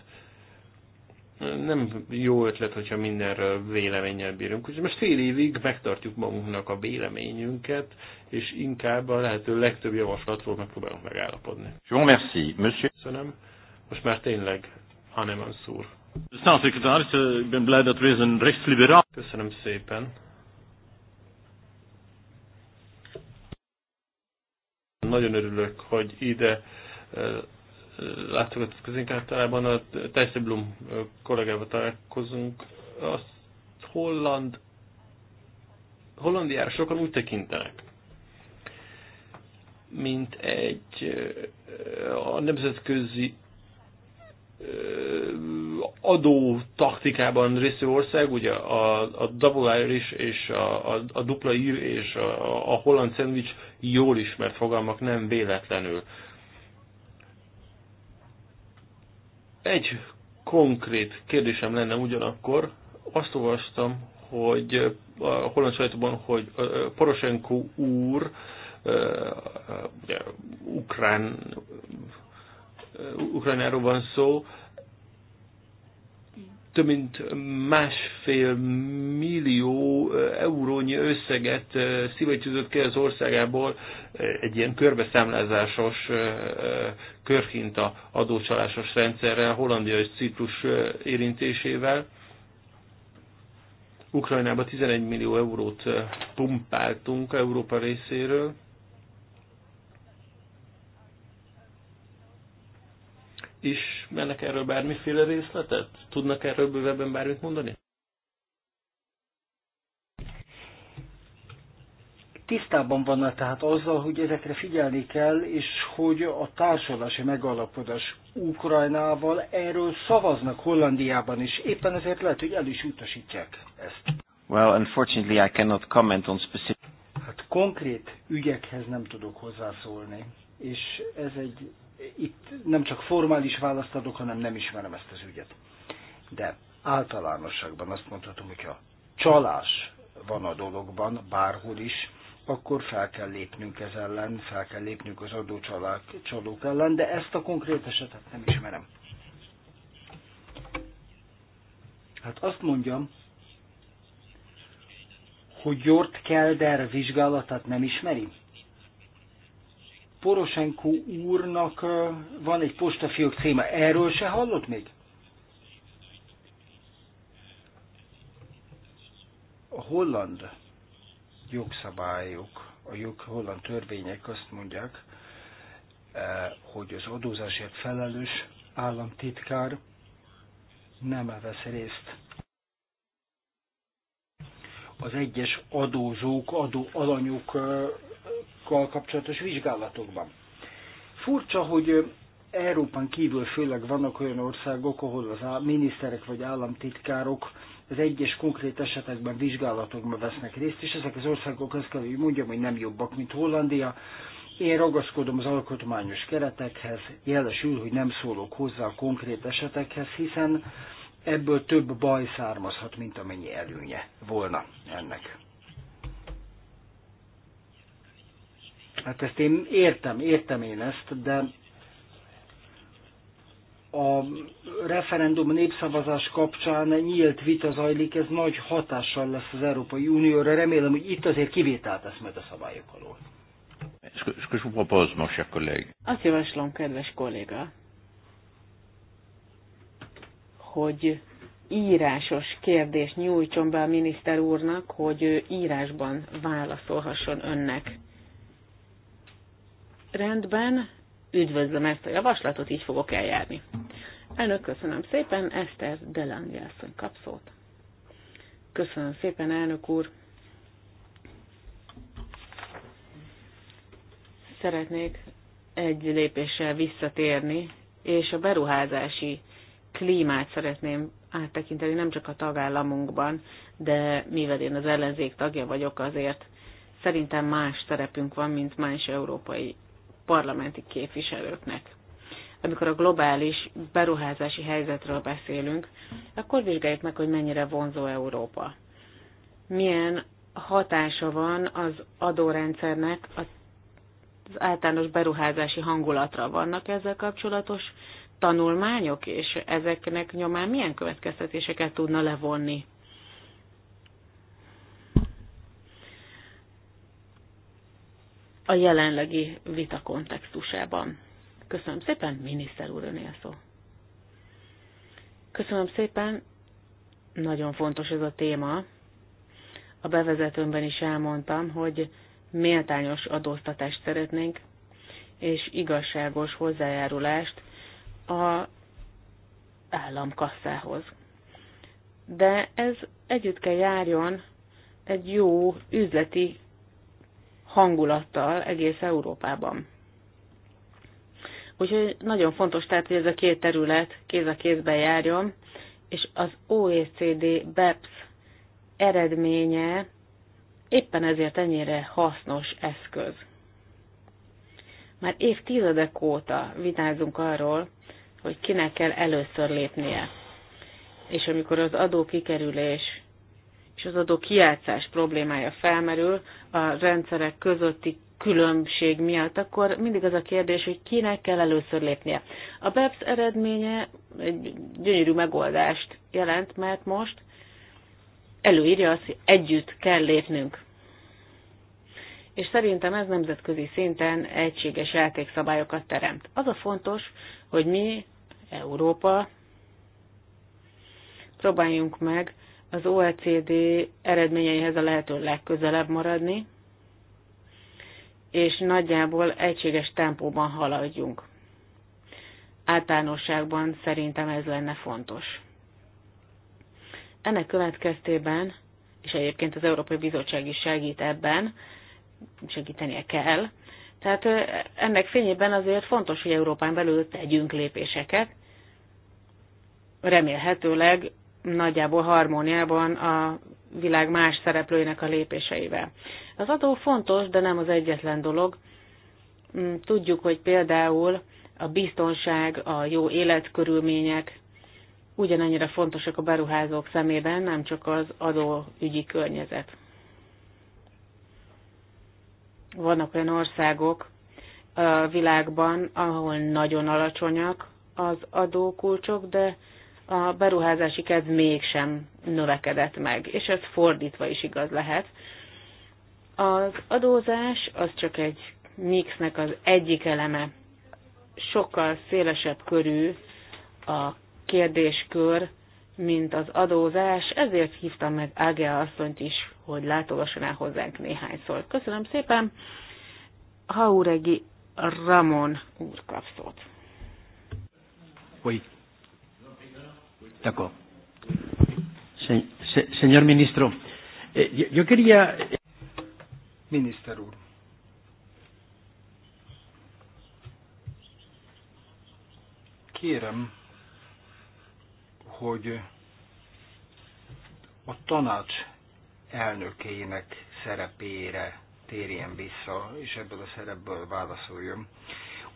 [SPEAKER 1] nem jó ötlet, hogyha mindenről véleménnyel bírunk. Úgyhogy most fél évig megtartjuk magunknak a véleményünket, és inkább a lehető legtöbb javaslatról megpróbálunk megállapodni. Jó, merci, monsieur. Köszönöm. Most már tényleg Haneman szúr. Staatssecretaris, eh, ik ben blij dat we eens een rechtsliberaan... Köszönöm szépen. Nagyon örülök, hogy ide eh, látogatott közénk általában a Tejszé Blum eh, kollégával találkozunk. A holland, Hollandiára sokan úgy tekintenek, mint egy a nemzetközi adó taktikában részű ország, ugye a, a double Irish és a, a, a dupla ír és a, a holland szendvics jól ismert fogalmak, nem véletlenül. Egy konkrét kérdésem lenne ugyanakkor, azt olvastam, hogy a holland sajtóban, hogy Poroshenko úr, ugye, ukrán Ukrajnáról van szó, több mint másfél millió eurónyi összeget szívegyűzött ki az országából egy ilyen körbeszámlázásos körhinta adócsalásos rendszerrel, Hollandia és Ciprus érintésével. Ukrajnába 11 millió eurót pumpáltunk Európa részéről. is mennek erről bármiféle részletet?
[SPEAKER 3] Tudnak erről bővebben bármit mondani? tisztában vannak tehát azzal, hogy ezekre figyelni kell, és hogy a társadalási megalapodás Ukrajnával erről szavaznak Hollandiában is. Éppen ezért lehet, hogy el is utasítják ezt. Well, unfortunately I cannot comment on specific... Hát konkrét ügyekhez nem tudok hozzászólni, és ez egy itt nem csak formális választ adok, hanem nem ismerem ezt az ügyet. De általánosságban azt mondhatom, hogy a csalás van a dologban, bárhol is, akkor fel kell lépnünk ez ellen, fel kell lépnünk az adócsalók ellen, de ezt a konkrét esetet nem ismerem. Hát azt mondjam, hogy Jort Kelder vizsgálatát nem ismeri? Poroshenko úrnak van egy postafiók címe. Erről se hallott még? A holland jogszabályok, a jog, holland törvények azt mondják, hogy az adózásért felelős államtitkár nem vesz részt az egyes adózók, adó alanyok kal kapcsolatos vizsgálatokban. Furcsa, hogy Európán kívül főleg vannak olyan országok, ahol az miniszterek vagy államtitkárok az egyes konkrét esetekben vizsgálatokban vesznek részt, és ezek az országok azt kell, hogy mondjam, hogy nem jobbak, mint Hollandia. Én ragaszkodom az alkotmányos keretekhez, jelesül, hogy nem szólok hozzá a konkrét esetekhez, hiszen ebből több baj származhat, mint amennyi előnye volna ennek. Hát ezt én értem, értem én ezt, de a referendum népszavazás kapcsán nyílt vita zajlik, ez nagy hatással lesz az Európai Unióra. Remélem, hogy itt azért kivételt tesz majd a szabályok alól. Azt javaslom, kedves kolléga, hogy
[SPEAKER 2] írásos kérdést nyújtson be a miniszter úrnak, hogy ő írásban válaszolhasson önnek. Rendben, üdvözlöm ezt a javaslatot, így fogok eljárni. Elnök, köszönöm szépen, Eszter Delange asszony kap szót. Köszönöm szépen, elnök úr. Szeretnék egy lépéssel visszatérni, és a beruházási klímát szeretném áttekinteni nem csak a tagállamunkban, de mivel én az ellenzék tagja vagyok, azért szerintem más szerepünk van, mint más európai parlamenti képviselőknek. Amikor a globális beruházási helyzetről beszélünk, akkor vizsgáljuk meg, hogy mennyire vonzó Európa. Milyen hatása van az adórendszernek az általános beruházási hangulatra. Vannak ezzel kapcsolatos tanulmányok, és ezeknek nyomán milyen következtetéseket tudna levonni a jelenlegi vita kontextusában. Köszönöm szépen, miniszter úr, önél szó. Köszönöm szépen, nagyon fontos ez a téma. A bevezetőmben is elmondtam, hogy méltányos adóztatást szeretnénk, és igazságos hozzájárulást a államkasszához. De ez együtt kell járjon egy jó üzleti hangulattal egész Európában. Úgyhogy nagyon fontos tehát, hogy ez a két terület kéz a kézben járjon, és az OECD BEPS eredménye éppen ezért ennyire hasznos eszköz. Már évtizedek óta vitázunk arról, hogy kinek kell először lépnie. És amikor az adókikerülés és az adó kijátszás problémája felmerül a rendszerek közötti különbség miatt, akkor mindig az a kérdés, hogy kinek kell először lépnie. A BEPS eredménye egy gyönyörű megoldást jelent, mert most előírja azt, hogy együtt kell lépnünk. És szerintem ez nemzetközi szinten egységes játékszabályokat teremt. Az a fontos, hogy mi, Európa, próbáljunk meg az OECD eredményeihez a lehető legközelebb maradni, és nagyjából egységes tempóban haladjunk. Általánosságban szerintem ez lenne fontos. Ennek következtében, és egyébként az Európai Bizottság is segít ebben, segítenie kell, tehát ennek fényében azért fontos, hogy Európán belül tegyünk lépéseket, remélhetőleg nagyjából harmóniában a világ más szereplőinek a lépéseivel. Az adó fontos, de nem az egyetlen dolog. Mm, tudjuk, hogy például a biztonság, a jó életkörülmények ugyanannyira fontosak a beruházók szemében, nem csak az adóügyi környezet. Vannak olyan országok a világban, ahol nagyon alacsonyak az adókulcsok, de a beruházási kedv mégsem növekedett meg, és ez fordítva is igaz lehet. Az adózás az csak egy mixnek az egyik eleme. Sokkal szélesebb körű a kérdéskör, mint az adózás, ezért hívtam meg Ágea asszonyt is, hogy látogasson el hozzánk néhányszor. Köszönöm szépen! Hauregi Ramon úr
[SPEAKER 3] kapszót. Oui. D'accord. Se, se, señor ministro, eh, yo, yo quería. Kérem, hogy a tanács elnökének szerepére térjen vissza, és ebből a szerepből válaszoljon.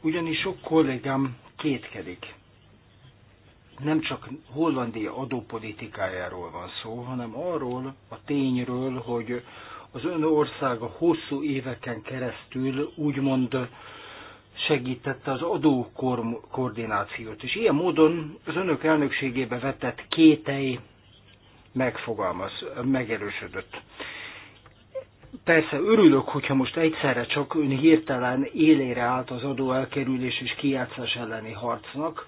[SPEAKER 3] Ugyanis sok kollégám kétkedik nem csak Hollandia adópolitikájáról van szó, hanem arról a tényről, hogy az ön országa hosszú éveken keresztül úgymond segítette az adókoordinációt. És ilyen módon az önök elnökségébe vetett kétei megfogalmaz, megerősödött. Persze örülök, hogyha most egyszerre csak ön hirtelen élére állt az adó elkerülés és kijátszás elleni harcnak,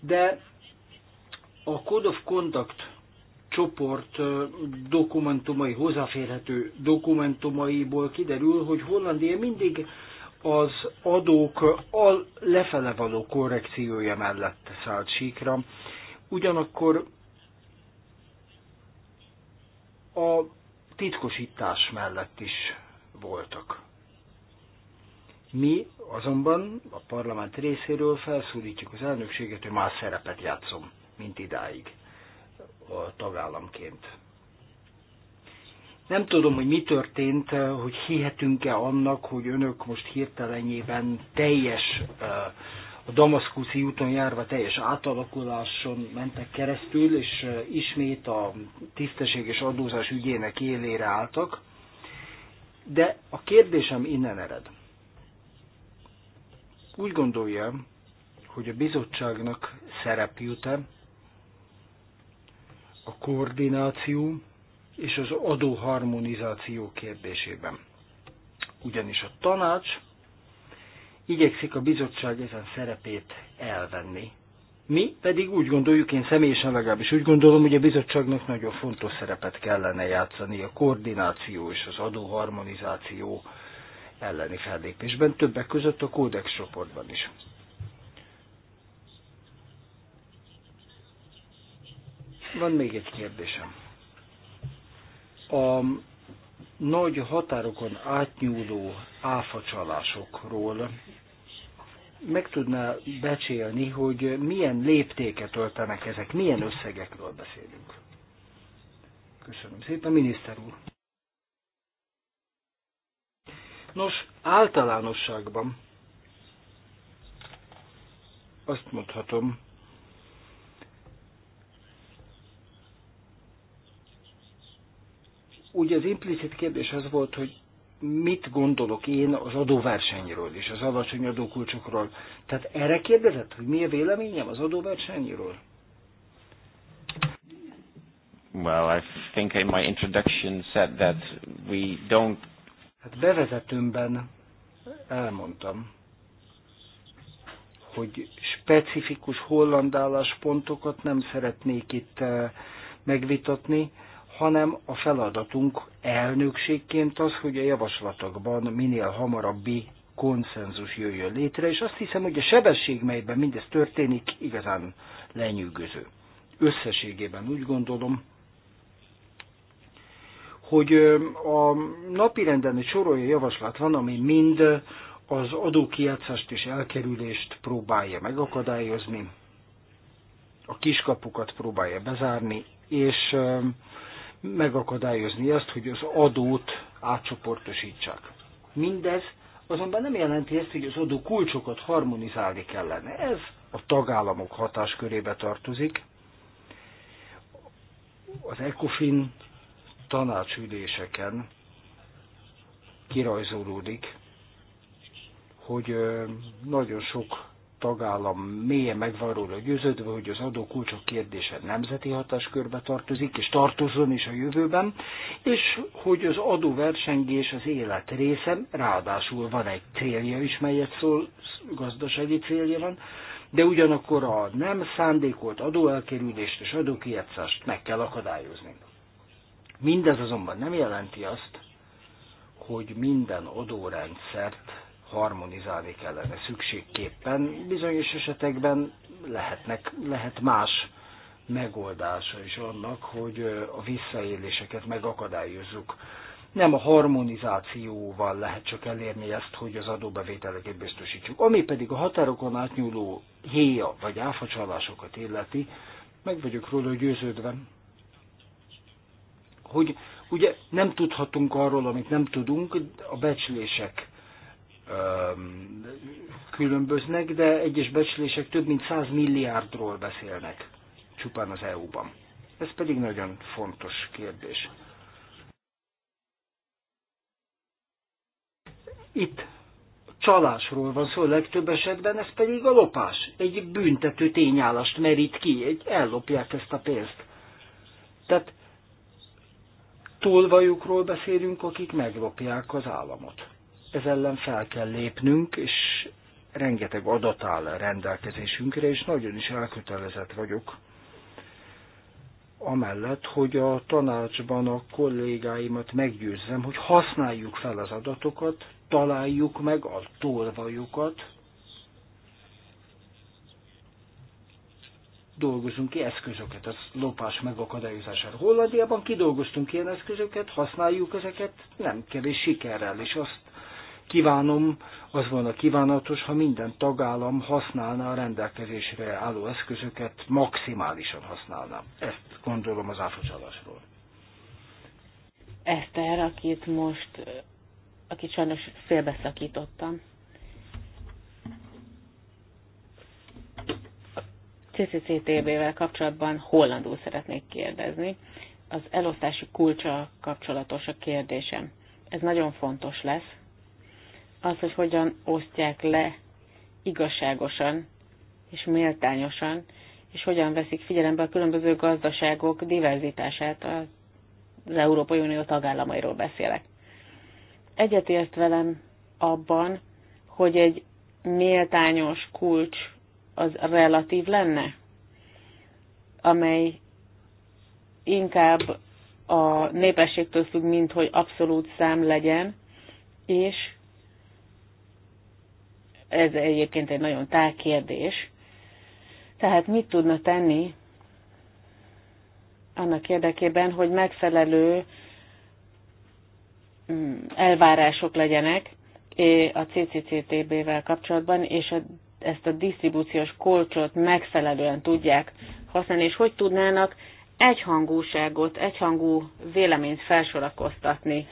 [SPEAKER 3] de a Code of Conduct csoport dokumentumai, hozzáférhető dokumentumaiból kiderül, hogy Hollandia mindig az adók a lefele való korrekciója mellett szállt síkra. Ugyanakkor a titkosítás mellett is voltak. Mi azonban a parlament részéről felszólítjuk az elnökséget, hogy más szerepet játszom mint idáig a tagállamként. Nem tudom, hogy mi történt, hogy hihetünk-e annak, hogy önök most hirtelenjében teljes, eh, a damaszkuszi úton járva teljes átalakuláson mentek keresztül, és eh, ismét a tisztességes adózás ügyének élére álltak. De a kérdésem innen ered. Úgy gondolja, hogy a bizottságnak szerep jut-e a koordináció és az adóharmonizáció kérdésében. Ugyanis a tanács igyekszik a bizottság ezen szerepét elvenni. Mi pedig úgy gondoljuk, én személyesen legalábbis úgy gondolom, hogy a bizottságnak nagyon fontos szerepet kellene játszani a koordináció és az adóharmonizáció elleni fellépésben, többek között a kódex csoportban is. Van még egy kérdésem. A nagy határokon átnyúló áfacsalásokról meg tudná becsélni, hogy milyen léptéket öltenek ezek, milyen összegekről beszélünk. Köszönöm szépen, miniszter úr. Nos, általánosságban azt mondhatom, Ugye az implicit kérdés az volt, hogy mit gondolok én az adóversenyről és az alacsony adókulcsokról. Tehát erre kérdezett, hogy mi a véleményem az adóversenyről?
[SPEAKER 1] Well, I think in my introduction said that we don't...
[SPEAKER 3] Hát bevezetőmben elmondtam, hogy specifikus holland álláspontokat nem szeretnék itt eh, megvitatni, hanem a feladatunk elnökségként az, hogy a javaslatokban minél hamarabbi konszenzus jöjjön létre, és azt hiszem, hogy a sebesség, melyben mindez történik, igazán lenyűgöző. Összességében úgy gondolom, hogy a napirenden egy sorolja javaslat van, ami mind az adókijátszást és elkerülést próbálja megakadályozni, a kiskapukat próbálja bezárni, és megakadályozni azt, hogy az adót átcsoportosítsák. Mindez azonban nem jelenti ezt, hogy az adó kulcsokat harmonizálni kellene. Ez a tagállamok hatáskörébe tartozik. Az ECOFIN tanácsüléseken kirajzolódik, hogy nagyon sok tagállam mélyen megvan róla győződve, hogy az adókulcsok kérdése nemzeti hatáskörbe tartozik, és tartozzon is a jövőben, és hogy az adóversengés az élet része, ráadásul van egy célja is, melyet szól, gazdasági célja van, de ugyanakkor a nem szándékolt adóelkerülést és adókijátszást meg kell akadályozni. Mindez azonban nem jelenti azt, hogy minden adórendszert harmonizálni kellene szükségképpen. Bizonyos esetekben lehetnek, lehet más megoldása is annak, hogy a visszaéléseket megakadályozzuk. Nem a harmonizációval lehet csak elérni ezt, hogy az adóbevételeket biztosítsuk. Ami pedig a határokon átnyúló héja vagy áfacsalásokat illeti, meg vagyok róla győződve, hogy ugye nem tudhatunk arról, amit nem tudunk, a becslések különböznek, de egyes becslések több mint 100 milliárdról beszélnek csupán az EU-ban. Ez pedig nagyon fontos kérdés. Itt csalásról van szó legtöbb esetben, ez pedig a lopás. Egy büntető tényállást merít ki, egy, ellopják ezt a pénzt. Tehát tolvajukról beszélünk, akik meglopják az államot ez ellen fel kell lépnünk, és rengeteg adat áll a rendelkezésünkre, és nagyon is elkötelezett vagyok amellett, hogy a tanácsban a kollégáimat meggyőzzem, hogy használjuk fel az adatokat, találjuk meg a tolvajokat, dolgozunk ki eszközöket a lopás megakadályozására. Hollandiában kidolgoztunk ilyen eszközöket, használjuk ezeket, nem kevés sikerrel, és azt kívánom, az volna kívánatos, ha minden tagállam használna a rendelkezésre álló eszközöket, maximálisan használna. Ezt gondolom az áfocsalásról.
[SPEAKER 2] Eszter, akit most, akit sajnos félbeszakítottam. A ccctv vel kapcsolatban hollandul szeretnék kérdezni. Az elosztási kulcsa kapcsolatos a kérdésem. Ez nagyon fontos lesz, az, hogy hogyan osztják le igazságosan és méltányosan, és hogyan veszik figyelembe a különböző gazdaságok diverzitását, az Európai Unió tagállamairól beszélek. Egyetért velem abban, hogy egy méltányos kulcs az relatív lenne, amely inkább a népességtől függ, mint hogy abszolút szám legyen, és ez egyébként egy nagyon tág kérdés. Tehát mit tudna tenni annak érdekében, hogy megfelelő mm, elvárások legyenek e, a CCCTB-vel kapcsolatban, és a, ezt a disztribúciós kolcsot megfelelően tudják használni, és hogy tudnának egyhangúságot, egyhangú véleményt felsorakoztatni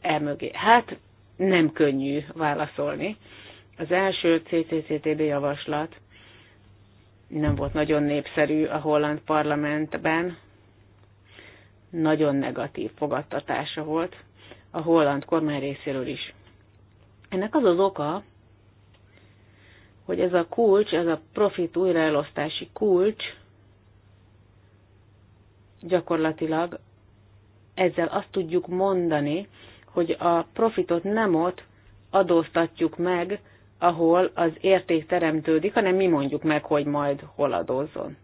[SPEAKER 2] emögé. Hát nem könnyű válaszolni. Az első CCCTB javaslat nem volt nagyon népszerű a holland parlamentben, nagyon negatív fogadtatása volt a holland kormány részéről is. Ennek az az oka, hogy ez a kulcs, ez a profit újraelosztási kulcs gyakorlatilag ezzel azt tudjuk mondani, hogy a profitot nem ott adóztatjuk meg, ahol az érték teremtődik, hanem mi mondjuk meg, hogy majd hol adózzon.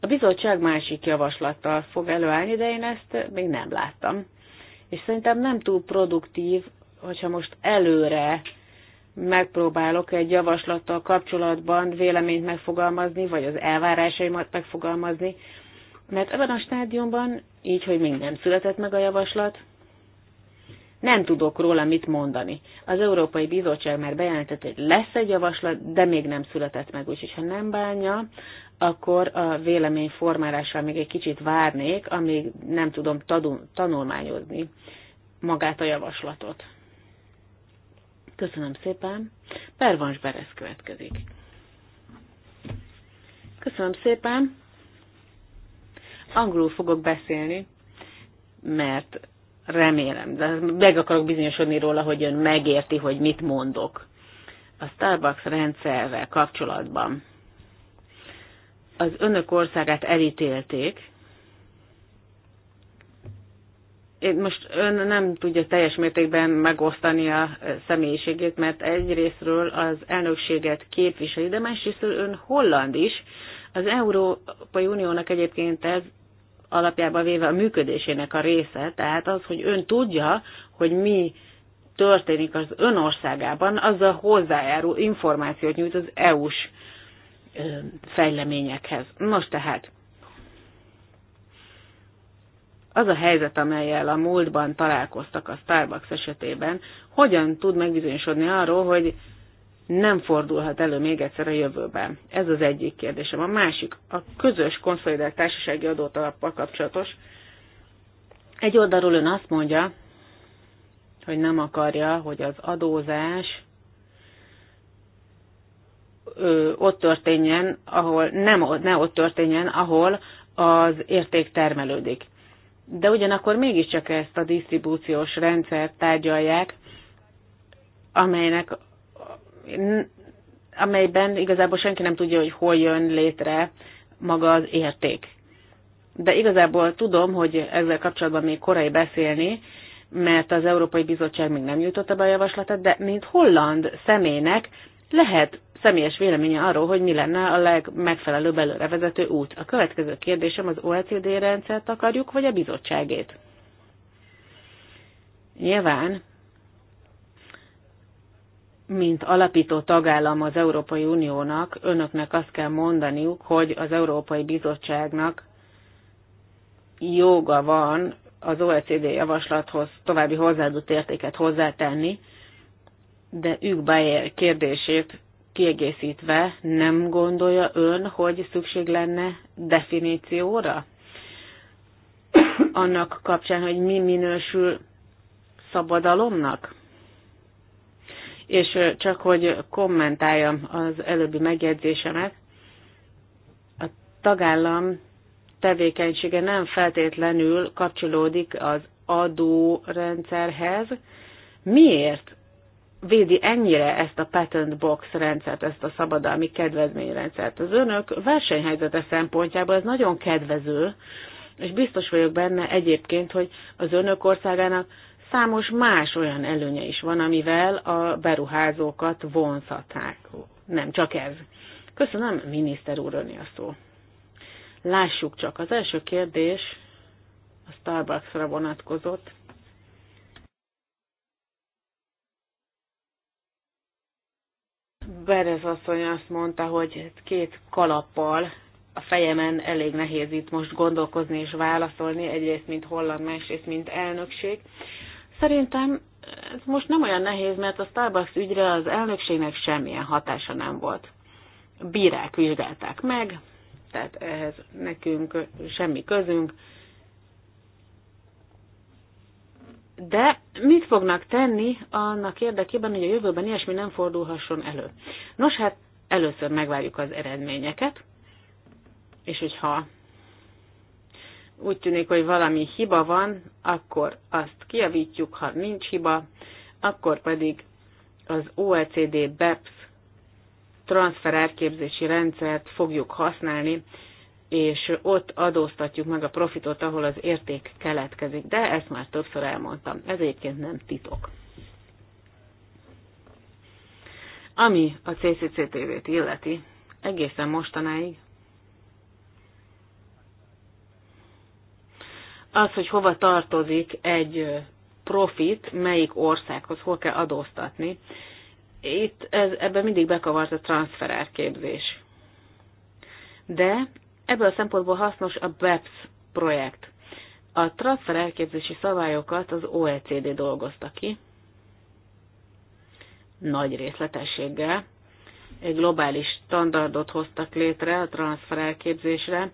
[SPEAKER 2] A bizottság másik javaslattal fog előállni, de én ezt még nem láttam. És szerintem nem túl produktív, hogyha most előre megpróbálok egy javaslattal kapcsolatban véleményt megfogalmazni, vagy az elvárásaimat megfogalmazni, mert ebben a stádiumban, így, hogy még nem született meg a javaslat, nem tudok róla mit mondani. Az Európai Bizottság már bejelentett, hogy lesz egy javaslat, de még nem született meg, úgyhogy ha nem bánja, akkor a vélemény formálással még egy kicsit várnék, amíg nem tudom tanulmányozni magát a javaslatot. Köszönöm szépen. Pervans Beres következik. Köszönöm szépen. Angolul fogok beszélni, mert Remélem, de meg akarok bizonyosodni róla, hogy ön megérti, hogy mit mondok. A Starbucks rendszerrel kapcsolatban az önök országát elítélték, most ön nem tudja teljes mértékben megosztani a személyiségét, mert egyrésztről az elnökséget képviseli, de másrésztről ön holland is. Az Európai Uniónak egyébként ez alapjában véve a működésének a része, tehát az, hogy ön tudja, hogy mi történik az ön országában, azzal hozzájárul információt nyújt az EU-s fejleményekhez. Most tehát, az a helyzet, amelyel a múltban találkoztak a Starbucks esetében, hogyan tud megbizonyosodni arról, hogy nem fordulhat elő még egyszer a jövőben. Ez az egyik kérdésem. A másik, a közös konszolidált társasági adót kapcsolatos. Egy oldalról ön azt mondja, hogy nem akarja, hogy az adózás ö, ott történjen, ahol nem ne ott történjen, ahol az érték termelődik. De ugyanakkor mégiscsak ezt a disztribúciós rendszert tárgyalják, amelynek amelyben igazából senki nem tudja, hogy hol jön létre maga az érték. De igazából tudom, hogy ezzel kapcsolatban még korai beszélni, mert az Európai Bizottság még nem nyújtotta be a javaslatot. de mint holland személynek lehet személyes véleménye arról, hogy mi lenne a legmegfelelőbb előrevezető út. A következő kérdésem az OECD rendszert akarjuk, vagy a bizottságét? Nyilván mint alapító tagállam az Európai Uniónak, önöknek azt kell mondaniuk, hogy az Európai Bizottságnak joga van az OECD javaslathoz további hozzáadott értéket hozzátenni, de ők Bayer kérdését kiegészítve nem gondolja ön, hogy szükség lenne definícióra? Annak kapcsán, hogy mi minősül szabadalomnak? És csak hogy kommentáljam az előbbi megjegyzésemet, a tagállam tevékenysége nem feltétlenül kapcsolódik az adórendszerhez. Miért védi ennyire ezt a patent box rendszert, ezt a szabadalmi kedvezményrendszert? Az önök versenyhelyzete szempontjából ez nagyon kedvező, és biztos vagyok benne egyébként, hogy az önök országának számos más olyan előnye is van, amivel a beruházókat vonzhatnák. Nem csak ez. Köszönöm, miniszter úr, a szó. Lássuk csak, az első kérdés a Starbucksra vonatkozott. Berez asszony azt mondta, hogy két kalappal a fejemen elég nehéz itt most gondolkozni és válaszolni, egyrészt mint holland, másrészt mint elnökség. Szerintem ez most nem olyan nehéz, mert a Starbucks ügyre az elnökségnek semmilyen hatása nem volt. Bírák vizsgálták meg, tehát ehhez nekünk semmi közünk. De mit fognak tenni annak érdekében, hogy a jövőben ilyesmi nem fordulhasson elő? Nos, hát először megvárjuk az eredményeket, és hogyha úgy tűnik, hogy valami hiba van, akkor azt kiavítjuk, ha nincs hiba, akkor pedig az OECD BEPS transfer elképzési rendszert fogjuk használni, és ott adóztatjuk meg a profitot, ahol az érték keletkezik. De ezt már többször elmondtam, ez egyébként nem titok. Ami a CCCTV-t illeti, egészen mostanáig az, hogy hova tartozik egy profit, melyik országhoz, hol kell adóztatni. Itt ez, ebben mindig bekavart a transferárképzés. De ebből a szempontból hasznos a BEPS projekt. A transfer elképzési szabályokat az OECD dolgozta ki, nagy részletességgel. Egy globális standardot hoztak létre a transfer elképzésre,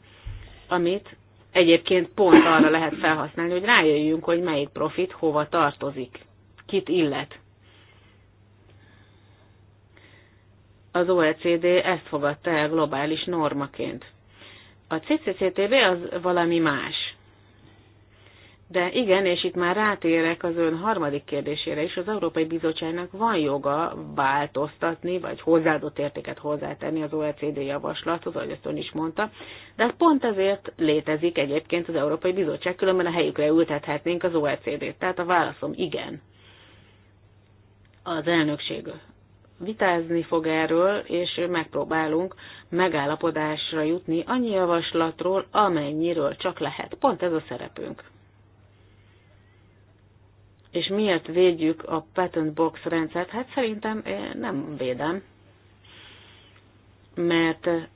[SPEAKER 2] amit egyébként pont arra lehet felhasználni, hogy rájöjjünk, hogy melyik profit hova tartozik, kit illet. Az OECD ezt fogadta el globális normaként. A CCCTV az valami más. De igen, és itt már rátérek az ön harmadik kérdésére is, az Európai Bizottságnak van joga változtatni, vagy hozzáadott értéket hozzátenni az OECD javaslathoz, ahogy ezt ön is mondta, de pont ezért létezik egyébként az Európai Bizottság, különben a helyükre ültethetnénk az OECD-t. Tehát a válaszom igen. Az elnökség vitázni fog erről, és megpróbálunk megállapodásra jutni annyi javaslatról, amennyiről csak lehet. Pont ez a szerepünk és miért védjük a patent box rendszert? Hát szerintem eh, nem védem, mert eh,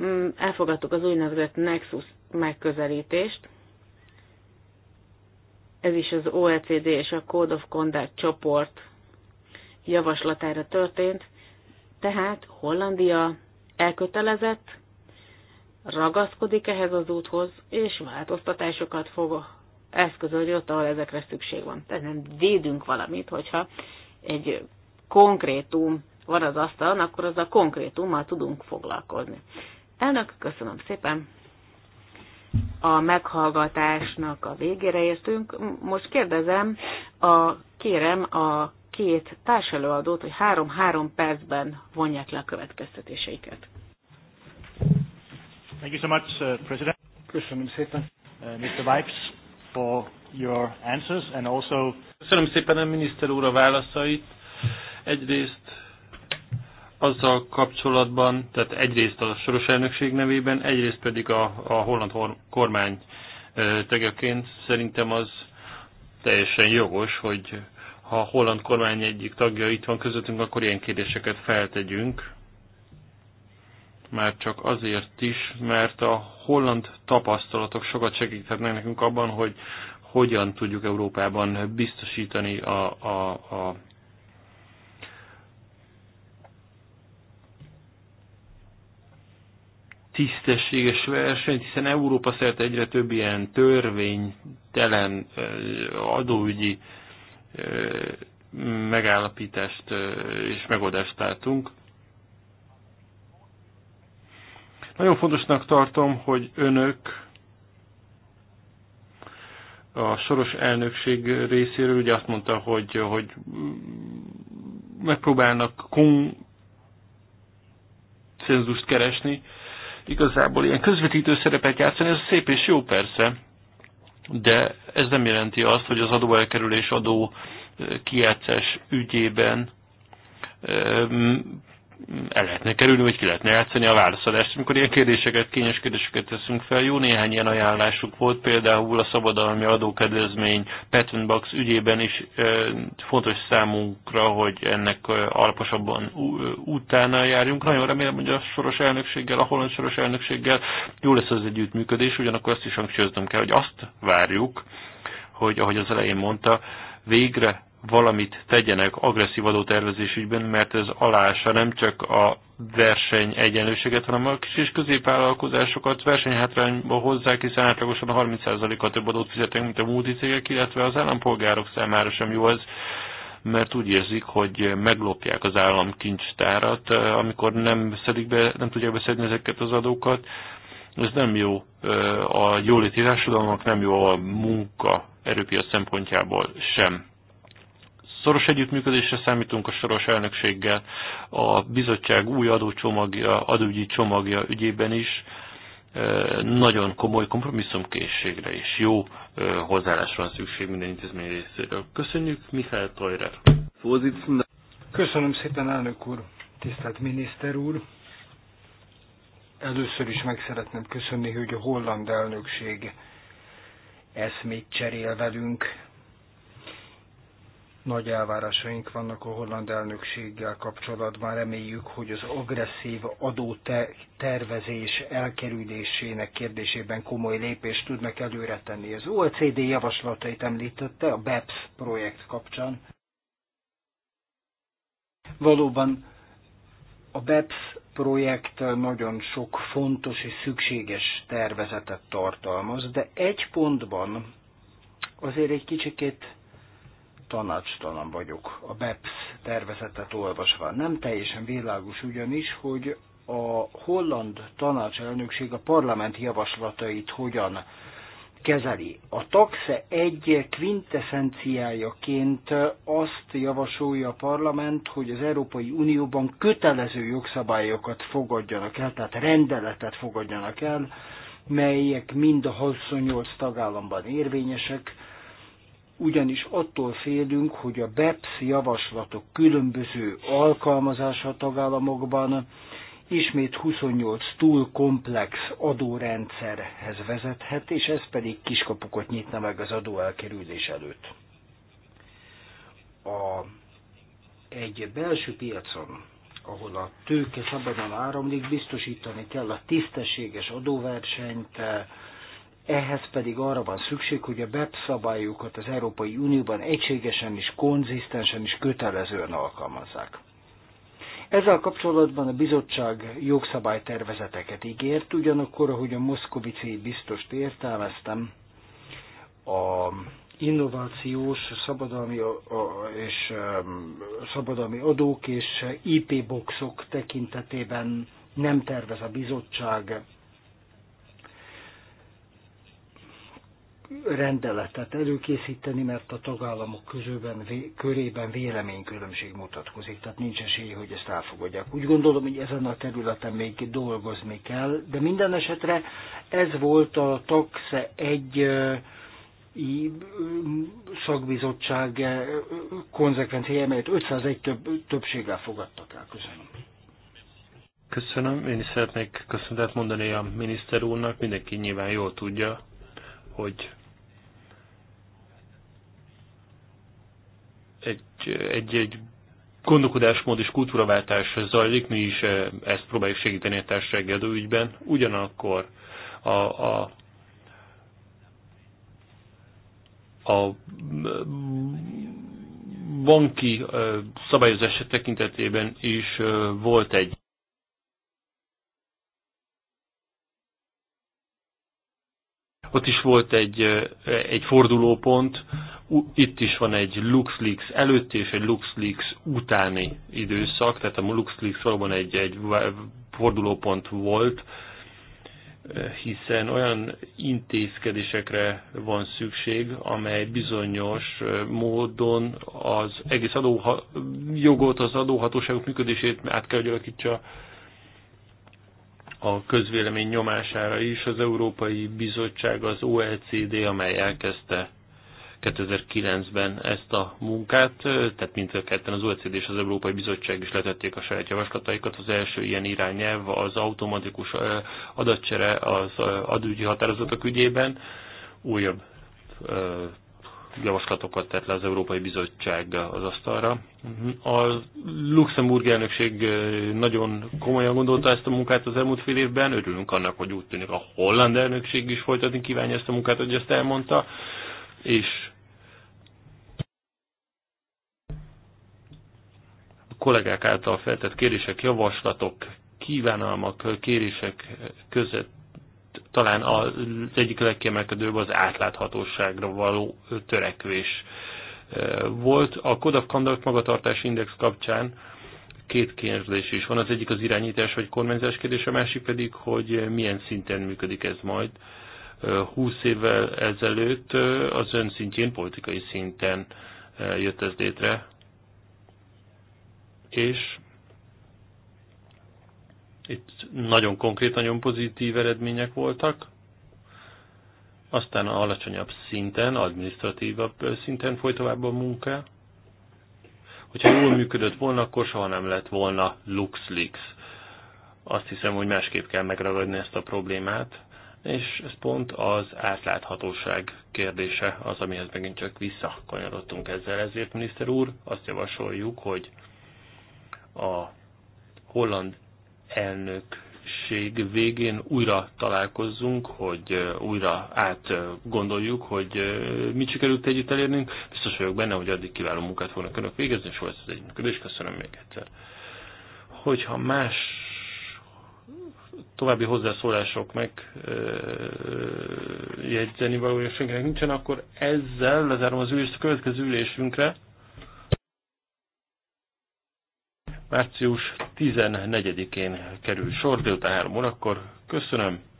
[SPEAKER 2] mm, elfogadtuk az úgynevezett Nexus megközelítést, ez is az OECD és a Code of Conduct csoport javaslatára történt, tehát Hollandia elkötelezett, ragaszkodik ehhez az úthoz, és változtatásokat fog eszközölni ott, ahol ezekre szükség van. Tehát nem védünk valamit, hogyha egy konkrétum van az asztalon, akkor az a konkrétummal tudunk foglalkozni. Elnök, köszönöm szépen! A meghallgatásnak a végére értünk. Most kérdezem, a, kérem a két társelőadót, hogy három-három percben vonják le a következtetéseiket.
[SPEAKER 3] Thank you so much, uh, President. Köszönöm szépen.
[SPEAKER 1] Uh, Mr. Vibes for your answers and also Köszönöm szépen a miniszter úr a válaszait. Egyrészt azzal kapcsolatban, tehát egyrészt a soros elnökség nevében, egyrészt pedig a, a holland kormány tagjaként szerintem az teljesen jogos, hogy ha a holland kormány egyik tagja itt van közöttünk, akkor ilyen kérdéseket feltegyünk már csak azért is, mert a holland tapasztalatok sokat segíthetnek nekünk abban, hogy hogyan tudjuk Európában biztosítani a, a, a tisztességes versenyt, hiszen Európa szerte egyre több ilyen törvénytelen adóügyi megállapítást és megoldást látunk. Nagyon fontosnak tartom, hogy önök a soros elnökség részéről ugye azt mondta, hogy, hogy megpróbálnak konszenzust keresni, igazából ilyen közvetítő szerepet játszani, ez szép és jó persze, de ez nem jelenti azt, hogy az adóelkerülés adó eh, kijátszás ügyében eh, el lehetne kerülni, vagy ki lehetne játszani a válaszadást. Amikor ilyen kérdéseket, kényes kérdéseket teszünk fel, jó néhány ilyen ajánlásuk volt, például a szabadalmi adókedvezmény Patent ügyében is fontos számunkra, hogy ennek alaposabban utána járjunk. Nagyon remélem, hogy a soros elnökséggel, a holland soros elnökséggel jó lesz az együttműködés, ugyanakkor azt is hangsúlyoznom kell, hogy azt várjuk, hogy ahogy az elején mondta, végre valamit tegyenek agresszív adótervezés ügyben, mert ez alása nem csak a verseny egyenlőséget, hanem a kis és középvállalkozásokat versenyhátrányba hozzák, hiszen átlagosan 30%-kal több adót fizetnek, mint a cégek, illetve az állampolgárok számára sem jó ez, mert úgy érzik, hogy meglopják az államkincstárat, amikor nem szedik be, nem tudják beszedni ezeket az adókat. Ez nem jó a jóléti társadalomnak, nem jó a munka erőpiac szempontjából sem. Szoros együttműködésre számítunk a soros elnökséggel, a bizottság új adócsomagja, adógyi csomagja ügyében is nagyon komoly kompromisszumkészségre és jó hozzáállásra van szükség minden intézmény részéről. Köszönjük, Mihály
[SPEAKER 3] Tajrer. Köszönöm szépen, elnök úr, tisztelt miniszter úr. Először is meg szeretném köszönni, hogy a holland elnökség eszmét cserél velünk nagy elvárásaink vannak a holland elnökséggel kapcsolatban. Reméljük, hogy az agresszív adótervezés elkerülésének kérdésében komoly lépést tudnak előre tenni. Az OECD javaslatait említette a BEPS projekt kapcsán. Valóban a BEPS projekt nagyon sok fontos és szükséges tervezetet tartalmaz, de egy pontban azért egy kicsikét tanácstalan vagyok a BEPS tervezetet olvasva. Nem teljesen világos ugyanis, hogy a holland tanácselnökség a parlament javaslatait hogyan kezeli. A taxe egy kvinteszenciájaként azt javasolja a parlament, hogy az Európai Unióban kötelező jogszabályokat fogadjanak el, tehát rendeletet fogadjanak el, melyek mind a 28 tagállamban érvényesek, ugyanis attól félünk, hogy a BEPS javaslatok különböző alkalmazása a tagállamokban ismét 28 túl komplex adórendszerhez vezethet, és ez pedig kiskapukat nyitna meg az adó elkerülés előtt. A, egy belső piacon, ahol a tőke szabadon áramlik, biztosítani kell a tisztességes adóversenyt, ehhez pedig arra van szükség, hogy a BEP szabályokat az Európai Unióban egységesen és konzisztensen és kötelezően alkalmazzák. Ezzel kapcsolatban a bizottság jogszabálytervezeteket ígért, ugyanakkor, ahogy a moszkovici biztost értelmeztem, a innovációs, szabadalmi és szabadalmi adók és IP boxok tekintetében nem tervez a bizottság rendeletet előkészíteni, mert a tagállamok vé, körében véleménykülönbség mutatkozik, tehát nincs esély, hogy ezt elfogadják. Úgy gondolom, hogy ezen a területen még dolgozni kell, de minden esetre ez volt a TAXE egy szakbizottság konzekvenciája, melyet 501 több, többséggel fogadtak el. Köszönöm.
[SPEAKER 1] Köszönöm. Én is szeretnék köszönetet mondani a miniszter úrnak. Mindenki nyilván jól tudja, hogy egy, egy, egy gondolkodásmód és kultúraváltás zajlik, mi is ezt próbáljuk segíteni a társasági adóügyben. Ugyanakkor a, a, a banki szabályozás tekintetében is volt egy Ott is volt egy, egy fordulópont, itt is van egy LuxLeaks előtti és egy LuxLeaks utáni időszak, tehát a LuxLeaks valóban egy, egy fordulópont volt, hiszen olyan intézkedésekre van szükség, amely bizonyos módon az egész adó jogot, az adóhatóságok működését át kell, hogy alakítsa a közvélemény nyomására is az Európai Bizottság, az OECD, amely elkezdte 2009-ben ezt a munkát, tehát a ketten az OECD és az Európai Bizottság is letették a saját javaslataikat. Az első ilyen irányelv az automatikus adatcsere az adügyi határozatok ügyében, újabb javaslatokat tett le az Európai Bizottság az asztalra. A Luxemburg elnökség nagyon komolyan gondolta ezt a munkát az elmúlt fél évben. Örülünk annak, hogy úgy tűnik a holland elnökség is folytatni kívánja ezt a munkát, hogy ezt elmondta. És a kollégák által feltett kérések, javaslatok, kívánalmak, kérések között talán az egyik legkiemelkedőbb az átláthatóságra való törekvés volt. A Code of Conduct magatartási index kapcsán két kérdés is van. Az egyik az irányítás vagy kormányzás kérdés, a másik pedig, hogy milyen szinten működik ez majd. 20 évvel ezelőtt az ön szintjén, politikai szinten jött ez létre, és itt nagyon konkrét, nagyon pozitív eredmények voltak. Aztán a alacsonyabb szinten, administratívabb szinten folyt tovább a munka. Hogyha jól működött volna, akkor soha nem lett volna LuxLeaks. Azt hiszem, hogy másképp kell megragadni ezt a problémát, és ez pont az átláthatóság kérdése az, amihez megint csak visszakanyarodtunk ezzel. Ezért, miniszter úr, azt javasoljuk, hogy a holland elnökség végén újra találkozzunk, hogy újra átgondoljuk, hogy mit sikerült együtt elérnünk. Biztos vagyok benne, hogy addig kiváló munkát fognak önök végezni, és volt az együttműködés. Köszönöm még egyszer. Hogyha más további hozzászólások meg jegyzeni valójában senkinek nincsen, akkor ezzel lezárom az ülést a következő ülésünkre március 14-én kerül sor, délután 3 órakor. Köszönöm.